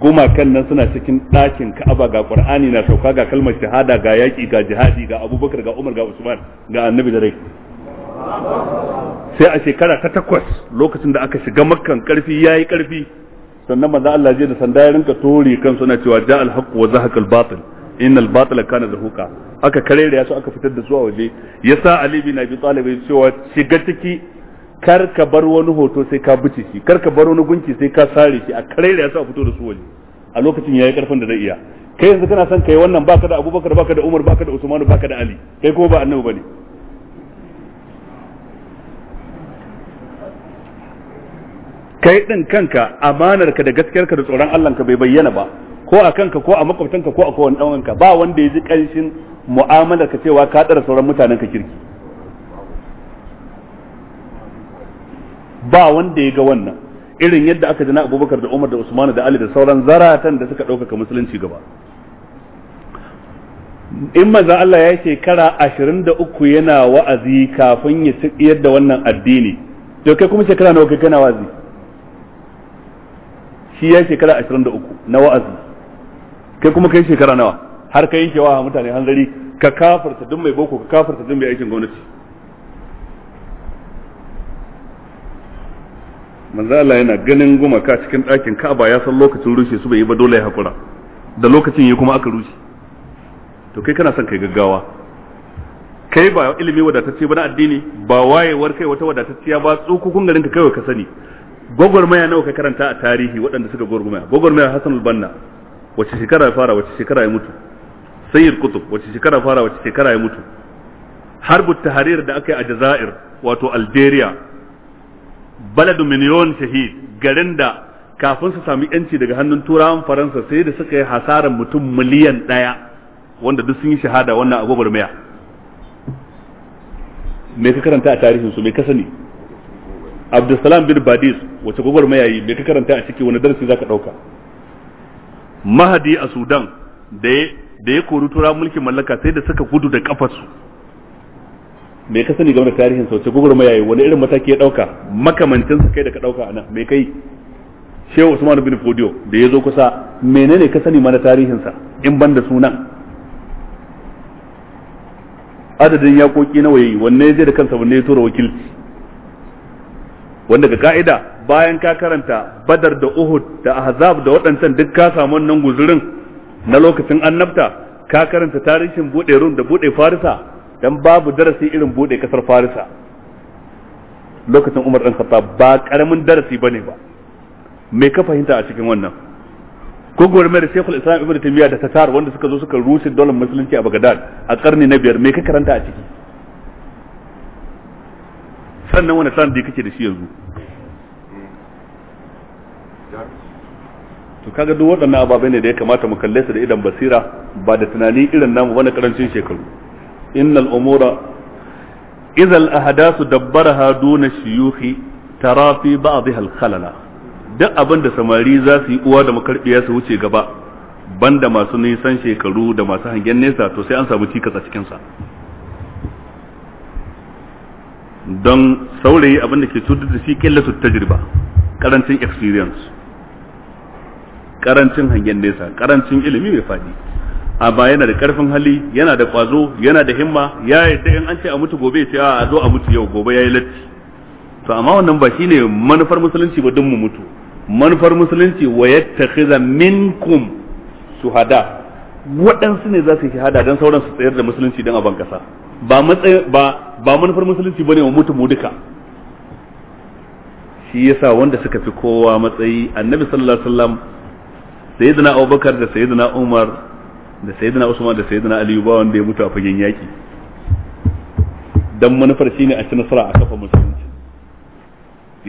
gumakan nan suna cikin ɗakin ka'aba ga ƙwar'ani na sauka ga kalmar shahada ga yaƙi ga jihadi ga abubakar ga umar ga usman ga annabi da rai sai a shekara ta takwas lokacin da aka shiga makkan karfi yayi karfi sannan maza Allah je da sanda ya rinka tori kansu na cewa ja al haqq wa zahaqa batil innal batila kana zahuqa aka kare ya su aka fitar da su a waje yasa ali bin abi talib ya cewa shiga ciki kar ka bar wani hoto sai ka bice shi kar ka bar wani gunki sai ka sare shi a kare ya su a fito da su waje a lokacin yayi karfin da zai iya kai yanzu kana son kai wannan baka da abubakar baka da umar baka da usman baka da ali kai ko ba annabi bane kai din kanka amanarka da gaskiyarka da tsoron Allah ka bai bayyana ba ko a kanka ko a makwabtanka ko a kowane ɗanwanka ba wanda ya ji ƙanshin mu'amalar ka cewa ka tsara sauran mutanen ka kirki ba wanda ya ga wannan irin yadda aka ji na abubakar da umar da usman da ali da sauran zaratan da suka ɗaukaka musulunci gaba in maza Allah ya yi shekara ashirin da uku yana wa'azi kafin ya ci da wannan addini to kai kuma shekara nawa kai kana wa'azi shi ya shekara ashirin da uku na wa'azi kai kuma kai shekara nawa har ka yanke wa mutane hanzari ka kafarta duk mai boko ka kafarta duk mai aikin gwamnati manzo Allah yana ganin gumaka cikin ɗakin Ka'aba ya san lokacin rushe su bai yi ba dole ya hakura da lokacin yi kuma aka rushe to kai kana son kai gaggawa kai ba ilimi wadatacce ba na addini ba wayewar kai wata wadatacciya ba tsukukun garin ka kawai ka sani gwagwarmaya nawa ka karanta a tarihi waɗanda suka gwagwarmaya gwagwarmaya Hassan al-Banna wace shekara ya fara wace shekara ya mutu sayyid kutub wace shekara fara wace shekara ya mutu harbu tahrir da aka yi a jazair wato algeria baladu miliyon shahid garin da kafin su sami yanci daga hannun turawan faransa sai da suka yi hasarar mutum miliyan ɗaya wanda duk sun yi shahada wannan agobar maya me ka karanta a tarihin su me ka sani abdulsalam bin badis wace gwagwarmaya yi me ka karanta a ciki wani darasi zaka ɗauka mahadi a sudan da ya kori tura mulkin mallaka sai da suka gudu da kafarsu me ka sani game da tarihin sauce mai yayi wani irin mataki ya dauka makamancin su kai da ka dauka anan me kai shehu usman bin fodiyo da ya zo kusa menene ka sani mana tarihinsa in ban da sunan adadin yakoki nawa yayi wanne ya je da kansa wanne ya tura wakilci wanda ga ka'ida bayan ka karanta badar da uhud da ahzab da waɗancan duk ka samu wannan guzurin na lokacin annabta ka karanta tarihin bude rum da bude farisa dan babu darasi irin bude kasar farisa lokacin umar dan khattab ba karamin darasi bane ba me ka fahimta a cikin wannan ko gwamnati shekul islam ibn taymiya da tatar wanda suka zo suka rushe dole musulunci a bagdad a karni na biyar me ka karanta a ciki sannan wani ya kake da shi yanzu to kaga duk waɗannan ababai ne da ya kamata mu kalle su da idan basira ba da tunani irin namu ba wani karancin shekaru innal umura idza al ahdasu dabbaraha duna shuyuhi tara ba a bi khalala duk abin da samari za su yi uwa da makarbiya su wuce gaba banda masu nisan shekaru da masu hangen nesa to sai an samu cikas a cikinsa. sa don saurayi abin da ke cutar da shi su tajirba karancin experience karancin hangen nesa karancin ilimi mai faɗi a ba yana da karfin hali yana da kwazo yana da himma ya yadda in an ce a mutu gobe ce a zo a mutu yau gobe ya yi latti to amma wannan ba shi ne manufar musulunci ba dun mu mutu manufar musulunci wa kum minkum hada waɗansu ne za su shahada don sauran su tsayar da musulunci don a ban ba matsayin ba ba manufar musulunci bane wa mutu mu duka shi yasa wanda suka fi kowa matsayi annabi sallallahu alaihi wasallam sayyidina abubakar da sayyidina umar da sayyidina usman da sayyidina ali ba wanda ya mutu a fagen yaki dan manufar shine a ci nasara a kafa musulunci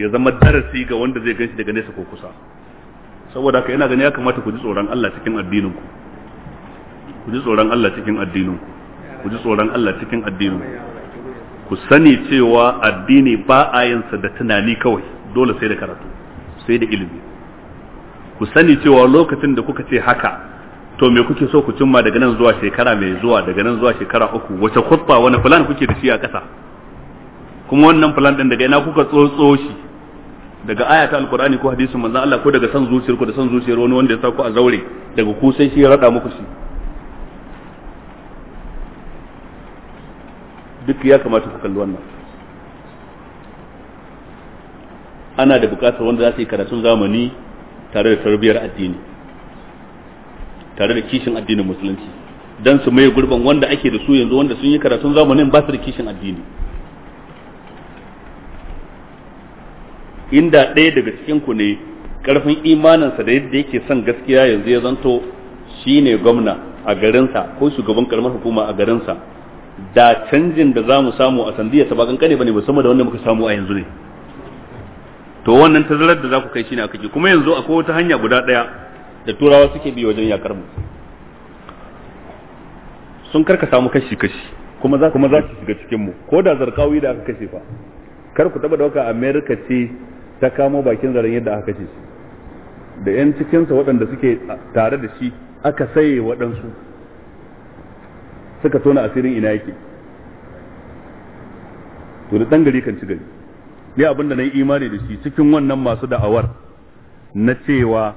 ya zama darasi ga wanda zai ganshi daga nesa ko kusa saboda haka ina gani ya kamata ku ji tsoron Allah cikin addinin ku ku ji tsoron Allah cikin addinin ku ku ji tsoron Allah cikin addini ku sani cewa addini ba a yinsa da tunani kawai dole sai da karatu sai da ilimi ku sani cewa lokacin da kuka ce haka to me kuke so ku cimma daga nan zuwa shekara mai zuwa daga nan zuwa shekara uku wace khutba wani plan kuke da shi a ƙasa kuma wannan plan din daga ina kuka tsotso shi daga ayata alqur'ani ko hadisin manzon Allah ko daga san zuciyar da san zuciyar wani wanda ya sa ku a zaure daga ku sai shi ya rada muku shi duk ya kamata ku kalli wannan ana da bukatar wanda za su yi karatun zamani tare da tarbiyyar addini tare da kishin addinin musulunci don su mai gurban wanda ake da su yanzu wanda sun yi karatun zamanin ba su da kishin addini inda ɗaya daga cikin ku ne ƙarfin imaninsa da yadda yake son gaskiya yanzu ya zanto shine gwamna a garinsa ko shugaban karamar hukuma a garinsa da canjin da za mu samu a sandiya ta bakan kare ne ba sama da wanda muka samu a yanzu ne to wannan tazarar da za ku kai shi ne aka ji kuma yanzu akwai wata hanya guda daya da turawa suke bi wajen yakar mu sun karka samu kashi kashi kuma za kuma za ki shiga cikin mu ko da zarkawi da aka kashe fa kar ku taba dauka america ce ta kamo bakin zaren yadda aka kashe da yan sa waɗanda suke tare da shi aka saye waɗansu suka tona asirin ina yake to da gari kan ci gari ni abin da na yi imani da shi cikin wannan masu da'awar na cewa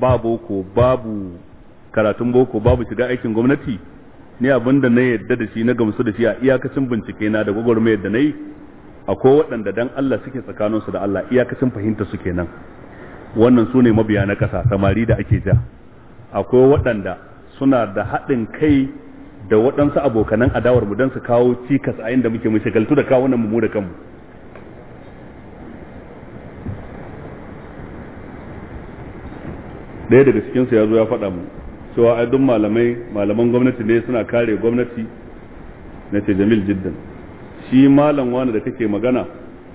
ba boko babu karatun boko babu shiga aikin gwamnati ni abin da na yadda da shi na gamsu da shi a iyakacin bincike na da gwagwarmayar da na yi akwai waɗanda dan Allah suke tsakaninsu da Allah iyakacin fahimta su kenan wannan su ne mabiya na ƙasa samari da ake ja akwai waɗanda suna da haɗin kai da waɗansu abokanan adawar mu don su kawo cikas a inda muke mu shagaltu da kawo nan mu da kanmu ɗaya daga cikinsu ya zo ya faɗa mu cewa a duk malamai malaman gwamnati ne suna kare gwamnati na ce jamil jiddan shi malam wani da kake magana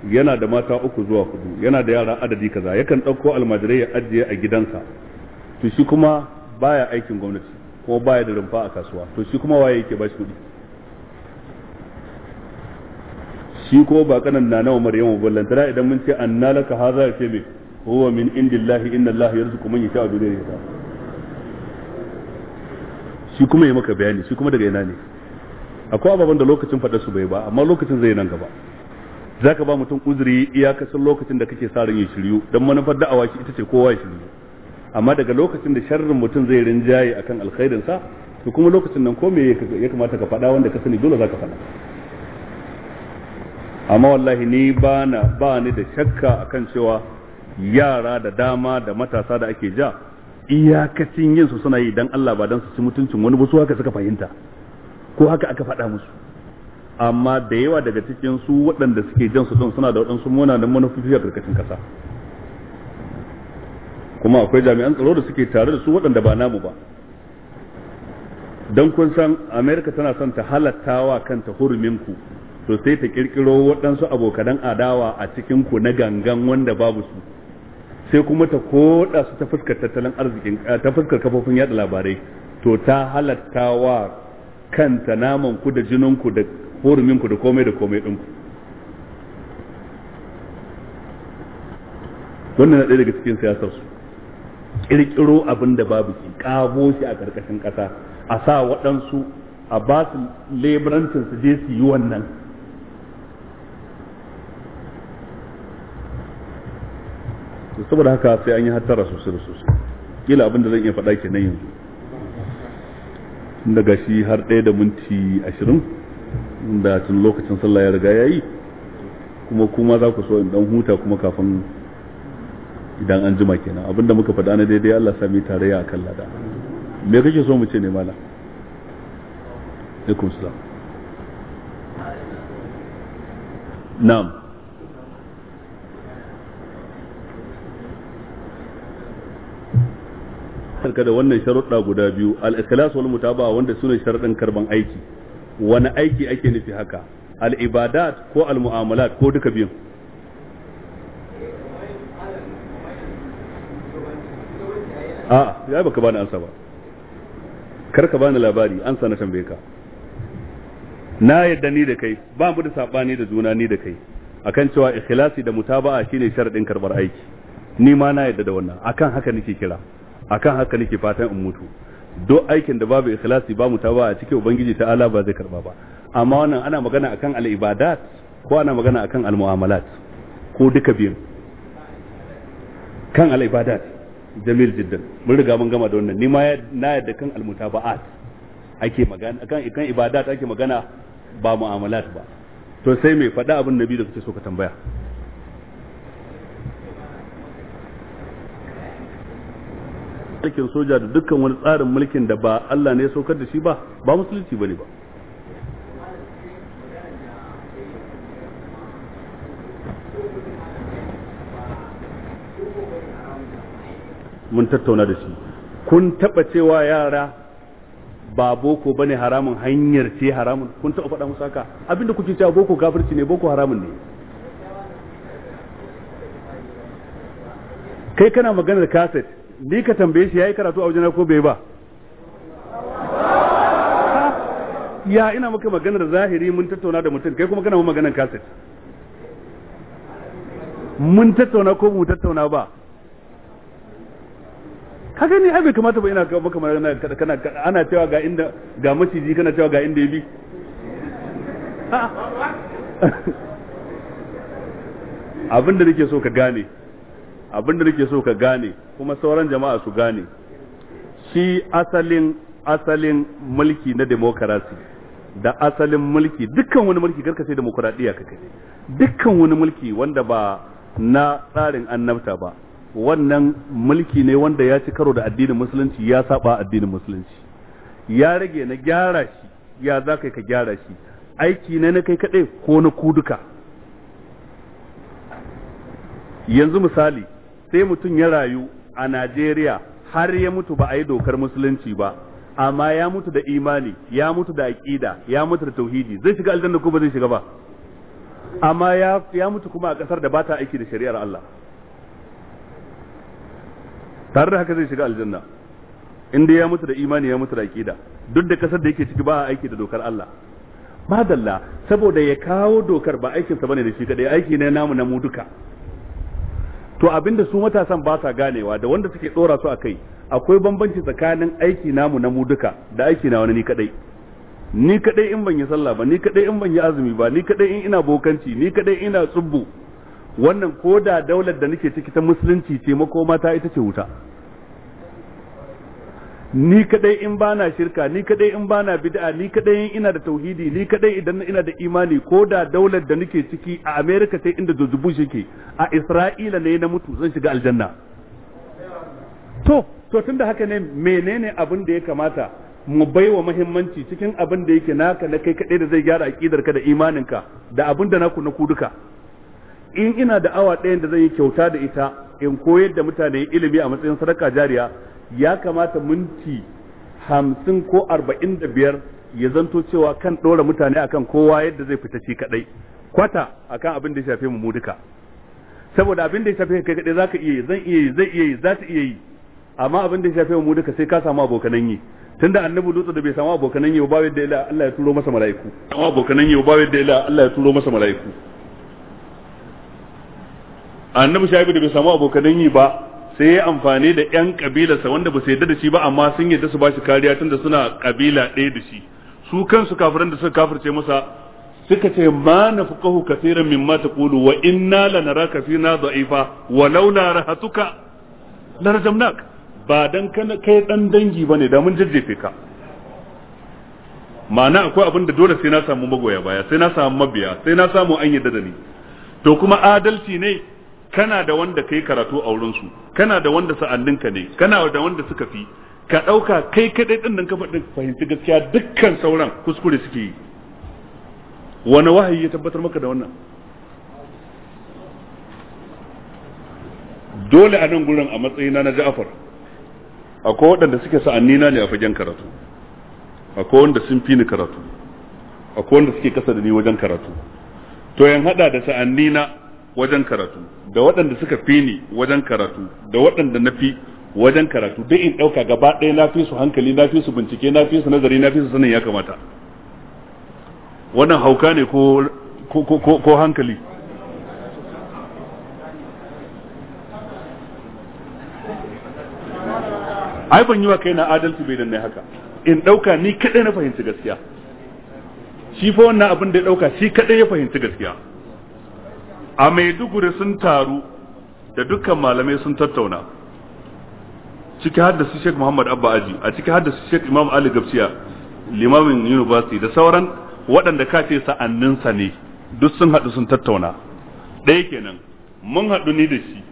yana da mata uku zuwa hudu yana da yara adadi kaza yakan ɗauko almajirai ya ajiye a gidansa to shi kuma baya aikin gwamnati ko baya da rumfa a kasuwa to shi kuma waye yake bashi kuɗi shi ko ba kanan na nawa maryamu ballantana idan mun ce anna laka hadha ya ce me huwa min indillahi inna allaha yarzuqu man yasha'u bi ghairi hisab shi kuma ya maka bayani shi kuma daga ina ne akwai ababen da lokacin faɗa su bai ba amma lokacin zai nan gaba zaka ba mutum uzuri iyakacin lokacin da kake sa ran ya shiryu dan manufar da'awa shi ita ce kowa ya shiryu amma daga lokacin da sharrin mutum zai rinjaye akan alkhairin sa to kuma lokacin nan ko me ya kamata ka faɗa wanda ka sani dole zaka faɗa amma wallahi ni ba na ba ni da shakka akan cewa yara da dama da matasa da ake ja iyakacin yin su suna yi dan Allah ba dan su ci mutuncin wani ba su haka suka fahimta ko haka aka faɗa musu amma da yawa daga cikin su waɗanda suke jan su din suna da waɗansu munanan manufofi a karkashin kasa kuma akwai jami'an tsaro da suke tare da su waɗanda ba namu ba don kun san amerika tana son ta halattawa kanta huruminku to sai ta kirkiro waɗansu abokanan adawa a cikin ku na gangan wanda babu su sai kuma ta koda su ta fuskar tattalin arzikin eh, ta fuskar kafofin yada labarai to ta halattawa kanta naman ku da jinin ku da hurumin ku da komai da komai ɗinku wannan na ɗaya daga cikin siyasarsu kirkiro abin da babu shi kabo shi a karkashin kasa a sa waɗansu a ba su leburancin su je su yi wannan saboda haka sai an yi hattara sosai da sosai kila abin da zan iya faɗa ke nan yanzu daga shi har ɗaya da minti ashirin da tun lokacin sallah ya riga ya yi kuma kuma za ku so in dan huta kuma kafin idan an jima kenan abinda muka faɗa na daidai Allah sami tarayya a kan lada me kake so mu ce ne mala alaikum salam na'am kanka da wannan sharuɗa guda biyu al-ikhlas wal mutaba wanda sune sharuɗin karban aiki wani aiki ake nufi haka al-ibadat ko al-mu'amalat ko duka biyun a ya baka bani ansa ba kar ka bani labari ansa na tambaye ka na yadda ni da kai ba mu da sabani da juna ni da kai akan cewa ikhlasi da mutaba'a shine sharadin karbar aiki ni ma na yadda da wannan akan haka nake kira akan haka nake fatan in mutu duk aikin da babu ikhlasi ba mutaba'a a cikin ubangiji ala ba zai karba ba amma wannan ana magana akan al-ibadat ko ana magana akan al-mu'amalat ko duka biyun kan al-ibadat jamil jiddan mun riga mun gama da wannan ni ma na yadda kan almutaba'at ake magana kan kan ibadat ake magana ba mu'amalat ba to sai mai faɗa abin nabi da kake so ka tambaya mulkin soja da dukkan wani tsarin mulkin da ba Allah ne ya saukar da shi ba ba musulunci bane ba mun tattauna da shi kun taba cewa yara ba boko bane haramun hanyar ce haramun kun taba faɗa musu haka abinda kuke cewa boko gafirci ne boko haramun ne kai kana maganar kaset ni ka tambaye shi yayi karatu a wajen ko bai ba ya ina maka maganar zahiri mun tattauna da mutum kai kuma kana maganar kaset mun tattauna ko mu tattauna ba ka gani ai bai kamata ba ina ga maka magana kana ana cewa ga inda ga maciji kana cewa ga inda ya bi abin da nake so ka gane abin da nake so ka gane kuma sauran jama'a su gane shi asalin asalin mulki na demokarasi da asalin mulki dukkan wani mulki garka sai ka kake dukkan wani mulki wanda ba na tsarin annabta ba wannan mulki ne wanda ya ci karo da addinin musulunci ya saba addinin musulunci ya rage na gyara shi ya za ka ka gyara shi aiki ne na kai kaɗai ko na ku duka yanzu misali sai mutum ya rayu a najeriya har ya mutu ba a yi dokar musulunci ba amma ya mutu da imani ya mutu da aƙida ya mutu da tauhidi zai shiga aljanna ko ba zai shiga ba amma ya mutu kuma a ƙasar da ba ta aiki da shari'ar allah tare da haka zai shiga aljanna inda ya mutu da imani ya mutu da aqida duk da kasar da yake ciki ba aiki da dokar Allah madalla saboda ya kawo dokar ba aikinsa bane da shi kadai aiki ne namu na mu duka to abinda su matasan ba sa ganewa da wanda suke dora su akai akwai bambanci tsakanin aiki namu na mu da aiki na wani ni kadai ni kadai in ban yi sallah ba ni kadai in ban yi azumi ba ni kadai in ina bokanci ni kadai ina tsubbu wannan ko da daular da nake ciki ta musulunci ce makoma ta ita ce wuta ni kadai in bana shirka ni kadai in bana bid'a ni kadai ina da tauhidi ni kadai idan ina da imani ko da daular da nake ciki a America sai inda George shike a Isra'ila ne na mutu zan shiga aljanna to to tunda haka ne menene abin da ya kamata mu baiwa muhimmanci cikin abin da yake naka na kai kadai da zai gyara aqidar ka da imaninka da abin da naku na ku duka in ina da awa ɗaya da zan yi kyauta da ita in koyar da mutane ilimi a matsayin sadaka jariya ya kamata minti hamsin ko arba'in da biyar ya zanto cewa kan ɗora mutane akan kowa yadda zai fita shi kaɗai kwata akan abin da ya shafe mu duka saboda abin da ya shafe kai kaɗai zaka iya yi zan iya yi zai iya yi za ta iya yi amma abin da ya shafe mu duka sai ka samu abokanan yi tunda annabi dutse da bai samu abokanan yi ba yadda Allah ya turo masa mala'iku abokanan yi ba yadda Allah ya turo masa mala'iku annabi shaibu da bai samu abokanan yi ba sai ya amfani da yan kabilarsa wanda ba su yarda da shi ba amma sun yadda su ba shi kariya tunda suna kabila ɗaya da shi su kansu kafiran da suka kafirce masa suka ce ma nafqahu kaseeran mimma taqulu wa inna lanaraka fina da'ifa wa laula rahatuka larjamnak ba dan kai dan dangi bane da mun jajjefe ka ma'ana akwai abin da dole sai na samu magoya baya sai na samu mabiya sai na samu an yadda da ni to kuma adalci ne kana da wanda kai karatu a wurin su kana da wanda sa'anninka ne kana da wanda suka fi ka ɗauka kai kaɗai ɗin nan ka fahimci gaskiya dukkan sauran kuskure suke yi wani wahayi ya tabbatar maka da wannan dole a nan gurin a matsayina na ja'afar akwai waɗanda suke sa'annina ne a fagen karatu akwai wanda sun fi ni karatu akwai wanda suke kasa da ni wajen karatu to yan hada da sa'annina wajen karatu da waɗanda suka fi ni wajen karatu da waɗanda na fi wajen karatu duk in ɗauka gaba ɗaya na fi su hankali na fi su bincike na fi su nazari na fi su sanin ya kamata wannan hauka ne ko ko hankali ai ban yi wa kai na adalci bai danne haka in ɗauka ni kaɗai na fahimci gaskiya shi fa wannan abin da ya ɗauka shi kaɗai ya fahimci gaskiya a maiduguri sun taru da dukkan malamai sun tattauna ciki haddasa sheikh muhammad abba aji a ciki haddasa sheikh imam ali gabciya limamin university da sauran waɗanda ka ce sa'anninsa ne duk sun haɗu sun tattauna ɗaya kenan mun haɗu ni da shi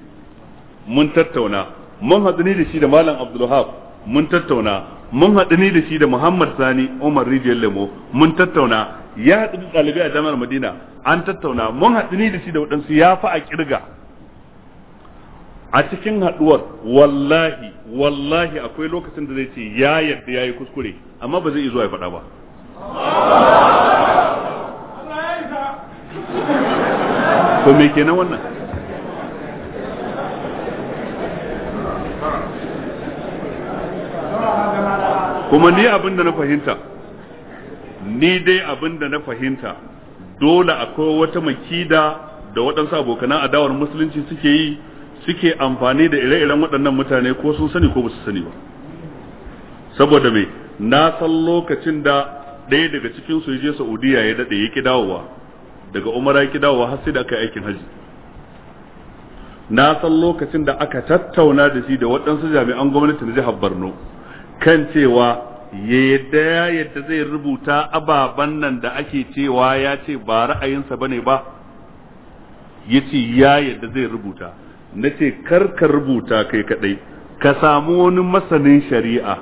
mun tattauna mun haɗu ni da shi da malam abdulhab mun tattauna mun haɗu ni da shi da Muhammad Sani Umar Rijiyar Lemo mun tattauna ya haɗu da ɗalibai a jami'ar Madina an tattauna mun haɗu ni da shi da waɗansu ya fi a kirga a cikin haɗuwar wallahi wallahi akwai lokacin da zai ce ya yadda ya yi kuskure amma ba zai iya zuwa ya faɗa ba to me kenan wannan kuma ni abin da na fahimta ni dai abin da na fahimta dole akwai wata makida da waɗansu abokan adawar musulunci suke yi suke amfani da ire-iren waɗannan mutane ko sun sani ko ba su sani ba saboda me na san lokacin da ɗaya daga cikin su je Saudiya ya daɗe ya ki dawowa daga Umara ya ki dawowa har sai da aka yi aikin haji na san lokacin da aka tattauna da shi da waɗansu jami'an gwamnati na jihar Borno kan cewa ya yadda ya yadda zai rubuta ababen nan da ake cewa ya ce ba ra'ayinsa ba ne ba ya ce ya yadda zai rubuta na ce karka rubuta kai kadai ka samu wani masanin shari'a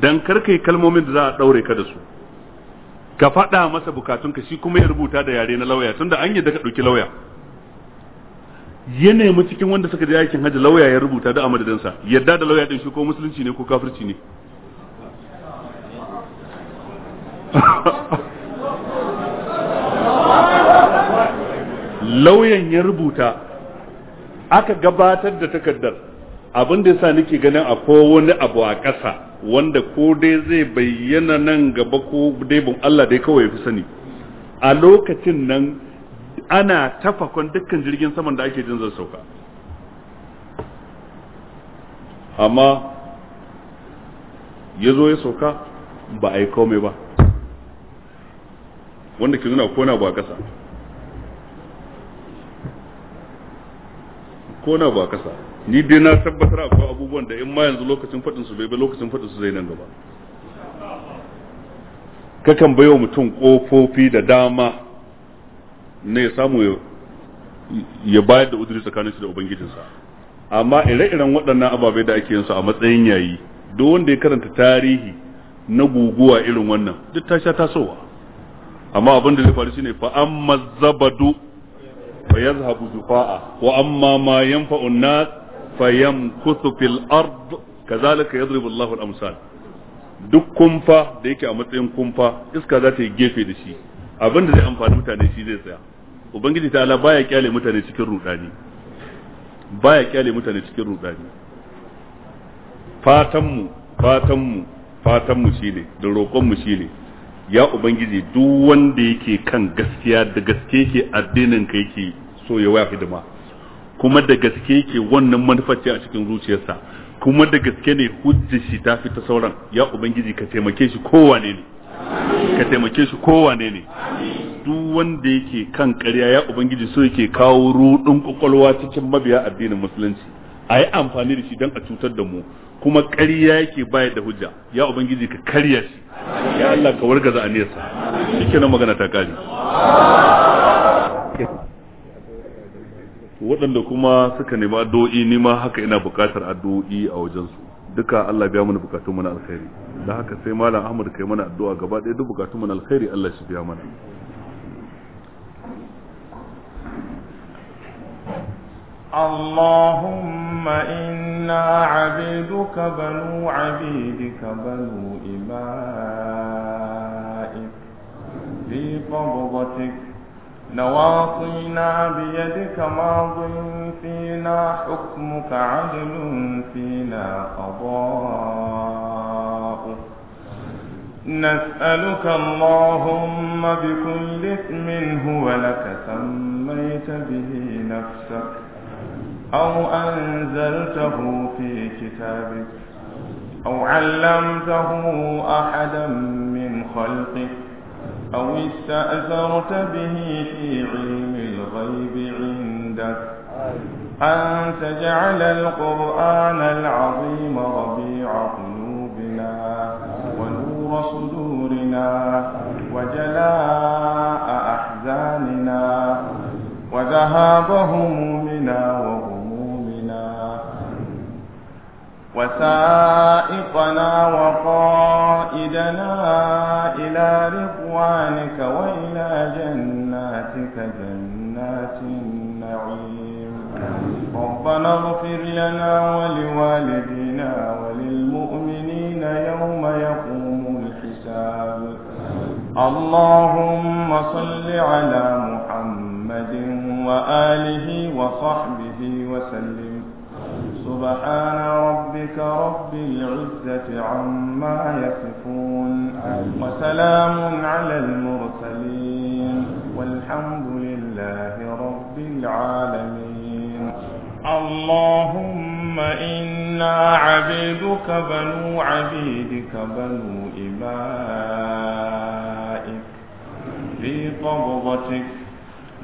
don karkai kalmomin da za a ɗaure ka da su ka faɗa masa bukatun ka shi kuma ya rubuta da yare na lauya tunda an yadda ka ɗauki lauya ya nemi cikin wanda suka je aikin hajji lauya ya rubuta da a madadinsa yadda da lauya ɗin shi ko musulunci ne ko kafirci ne lauyan ya rubuta aka gabatar da takardar abin da yasa nake ganin akwai wani abu a ƙasa wanda ko dai zai bayyana nan gaba ko dai bin Allah dai kawai fi sani a lokacin nan ana tafakon dukkan jirgin saman da ake jin zan sauka amma ya zo ya sauka ba a yi komai ba wanda ke nuna kona ba kasa kona ba kasa ni dai na tabbatar akwai abubuwan da in ma yanzu lokacin faɗin su bai bai lokacin faɗin su zai nan gaba ka kan baiwa mutum ƙofofi da dama ne ya samu ya bayar da udiri tsakanin shi da ubangijinsa amma ire-iren waɗannan ababai da ake yin a matsayin yayi duk wanda ya karanta tarihi na guguwa irin wannan duk ta sha tasowa amma abin da zai faru shine fa amma zabadu fa yazhabu dufa'a wa amma ma yanfa'u an-nas fa yamkuthu fil ard kazalika yadribu Allahu al-amsal duk kumfa da yake a matsayin kumfa iska za ta yi gefe da shi abin da zai amfani mutane shi zai tsaya ubangiji ta ala baya kyale mutane cikin rudani baya kyale mutane cikin rudani fatanmu fatanmu fatanmu shine da roƙonmu shine ya ubangiji duk wanda yake kan gaskiya da gaske yake addinin ka yake so ya waya hidima kuma da gaske yake wannan manufarci a cikin zuciyarsa kuma da gaske ne hujjar shi ta fi ta sauran ya ubangiji ka taimake shi kowane ne ka taimake shi kowane ne duk wanda yake kan ƙarya ya ubangiji so yake kawo rudin kwakwalwa cikin mabiya addinin musulunci a yi amfani da shi don a cutar da mu kuma ƙarya yake bayar da hujja ya ubangiji ka karya shi ya Allah ka wargaza a nesa shike nan magana ta kare waɗanda kuma suka nemi addu'o'i ni ma haka ina buƙatar addu'o'i a wajensu duka Allah biya mana bukatun mana alkhairi da haka sai malam Ahmad kai mana addu'a gaba ɗaya duk bukatun mana alkhairi Allah shi biya mana اللهم إنا عبيدك بنو عبيدك بنو إمائك في قبضتك نواصينا بيدك ماض فينا حكمك عدل فينا قضاؤك نسألك اللهم بكل اسم هو لك سميت به نفسك أو أنزلته في كتابك أو علمته أحدا من خلقك أو استأثرت به في علم الغيب عندك أن تجعل القرآن العظيم ربيع قلوبنا ونور صدورنا وجلاء أحزاننا وذهاب همومنا وسائقنا وقائدنا إلى رضوانك وإلى جناتك جنات النعيم ربنا اغفر لنا ولوالدينا وللمؤمنين يوم يقوم الحساب اللهم صل على محمد وآله وصحبه سبحان ربك رب العزة عما يصفون وسلام على المرسلين والحمد لله رب العالمين اللهم إنا عبيدك بنو عبيدك بنو إبائك في قبضتك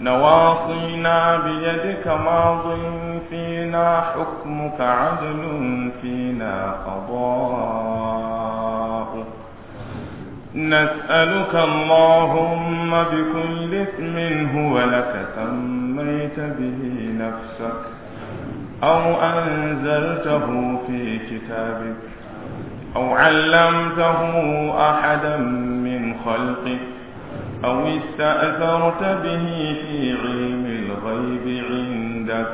نواصينا بيدك ماض فينا حكمك عدل فينا قضاء نسألك اللهم بكل اسم هو لك سميت به نفسك أو أنزلته في كتابك أو علمته أحدا من خلقك أو استأثرت به في علم الغيب عندك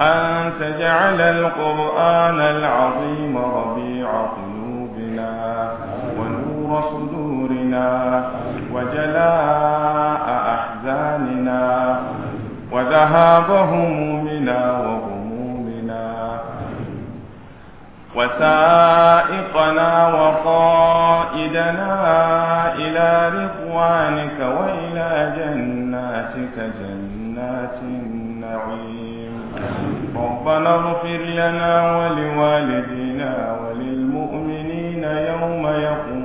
أن تجعل القرآن العظيم ربيع قلوبنا ونور صدورنا وجلاء أحزاننا وذهاب همومنا وغمومنا وسائقنا وقائدنا إلى رفق رضوانك وإلى جناتك جنات النعيم ربنا اغفر لنا ولوالدنا وللمؤمنين يوم يقوم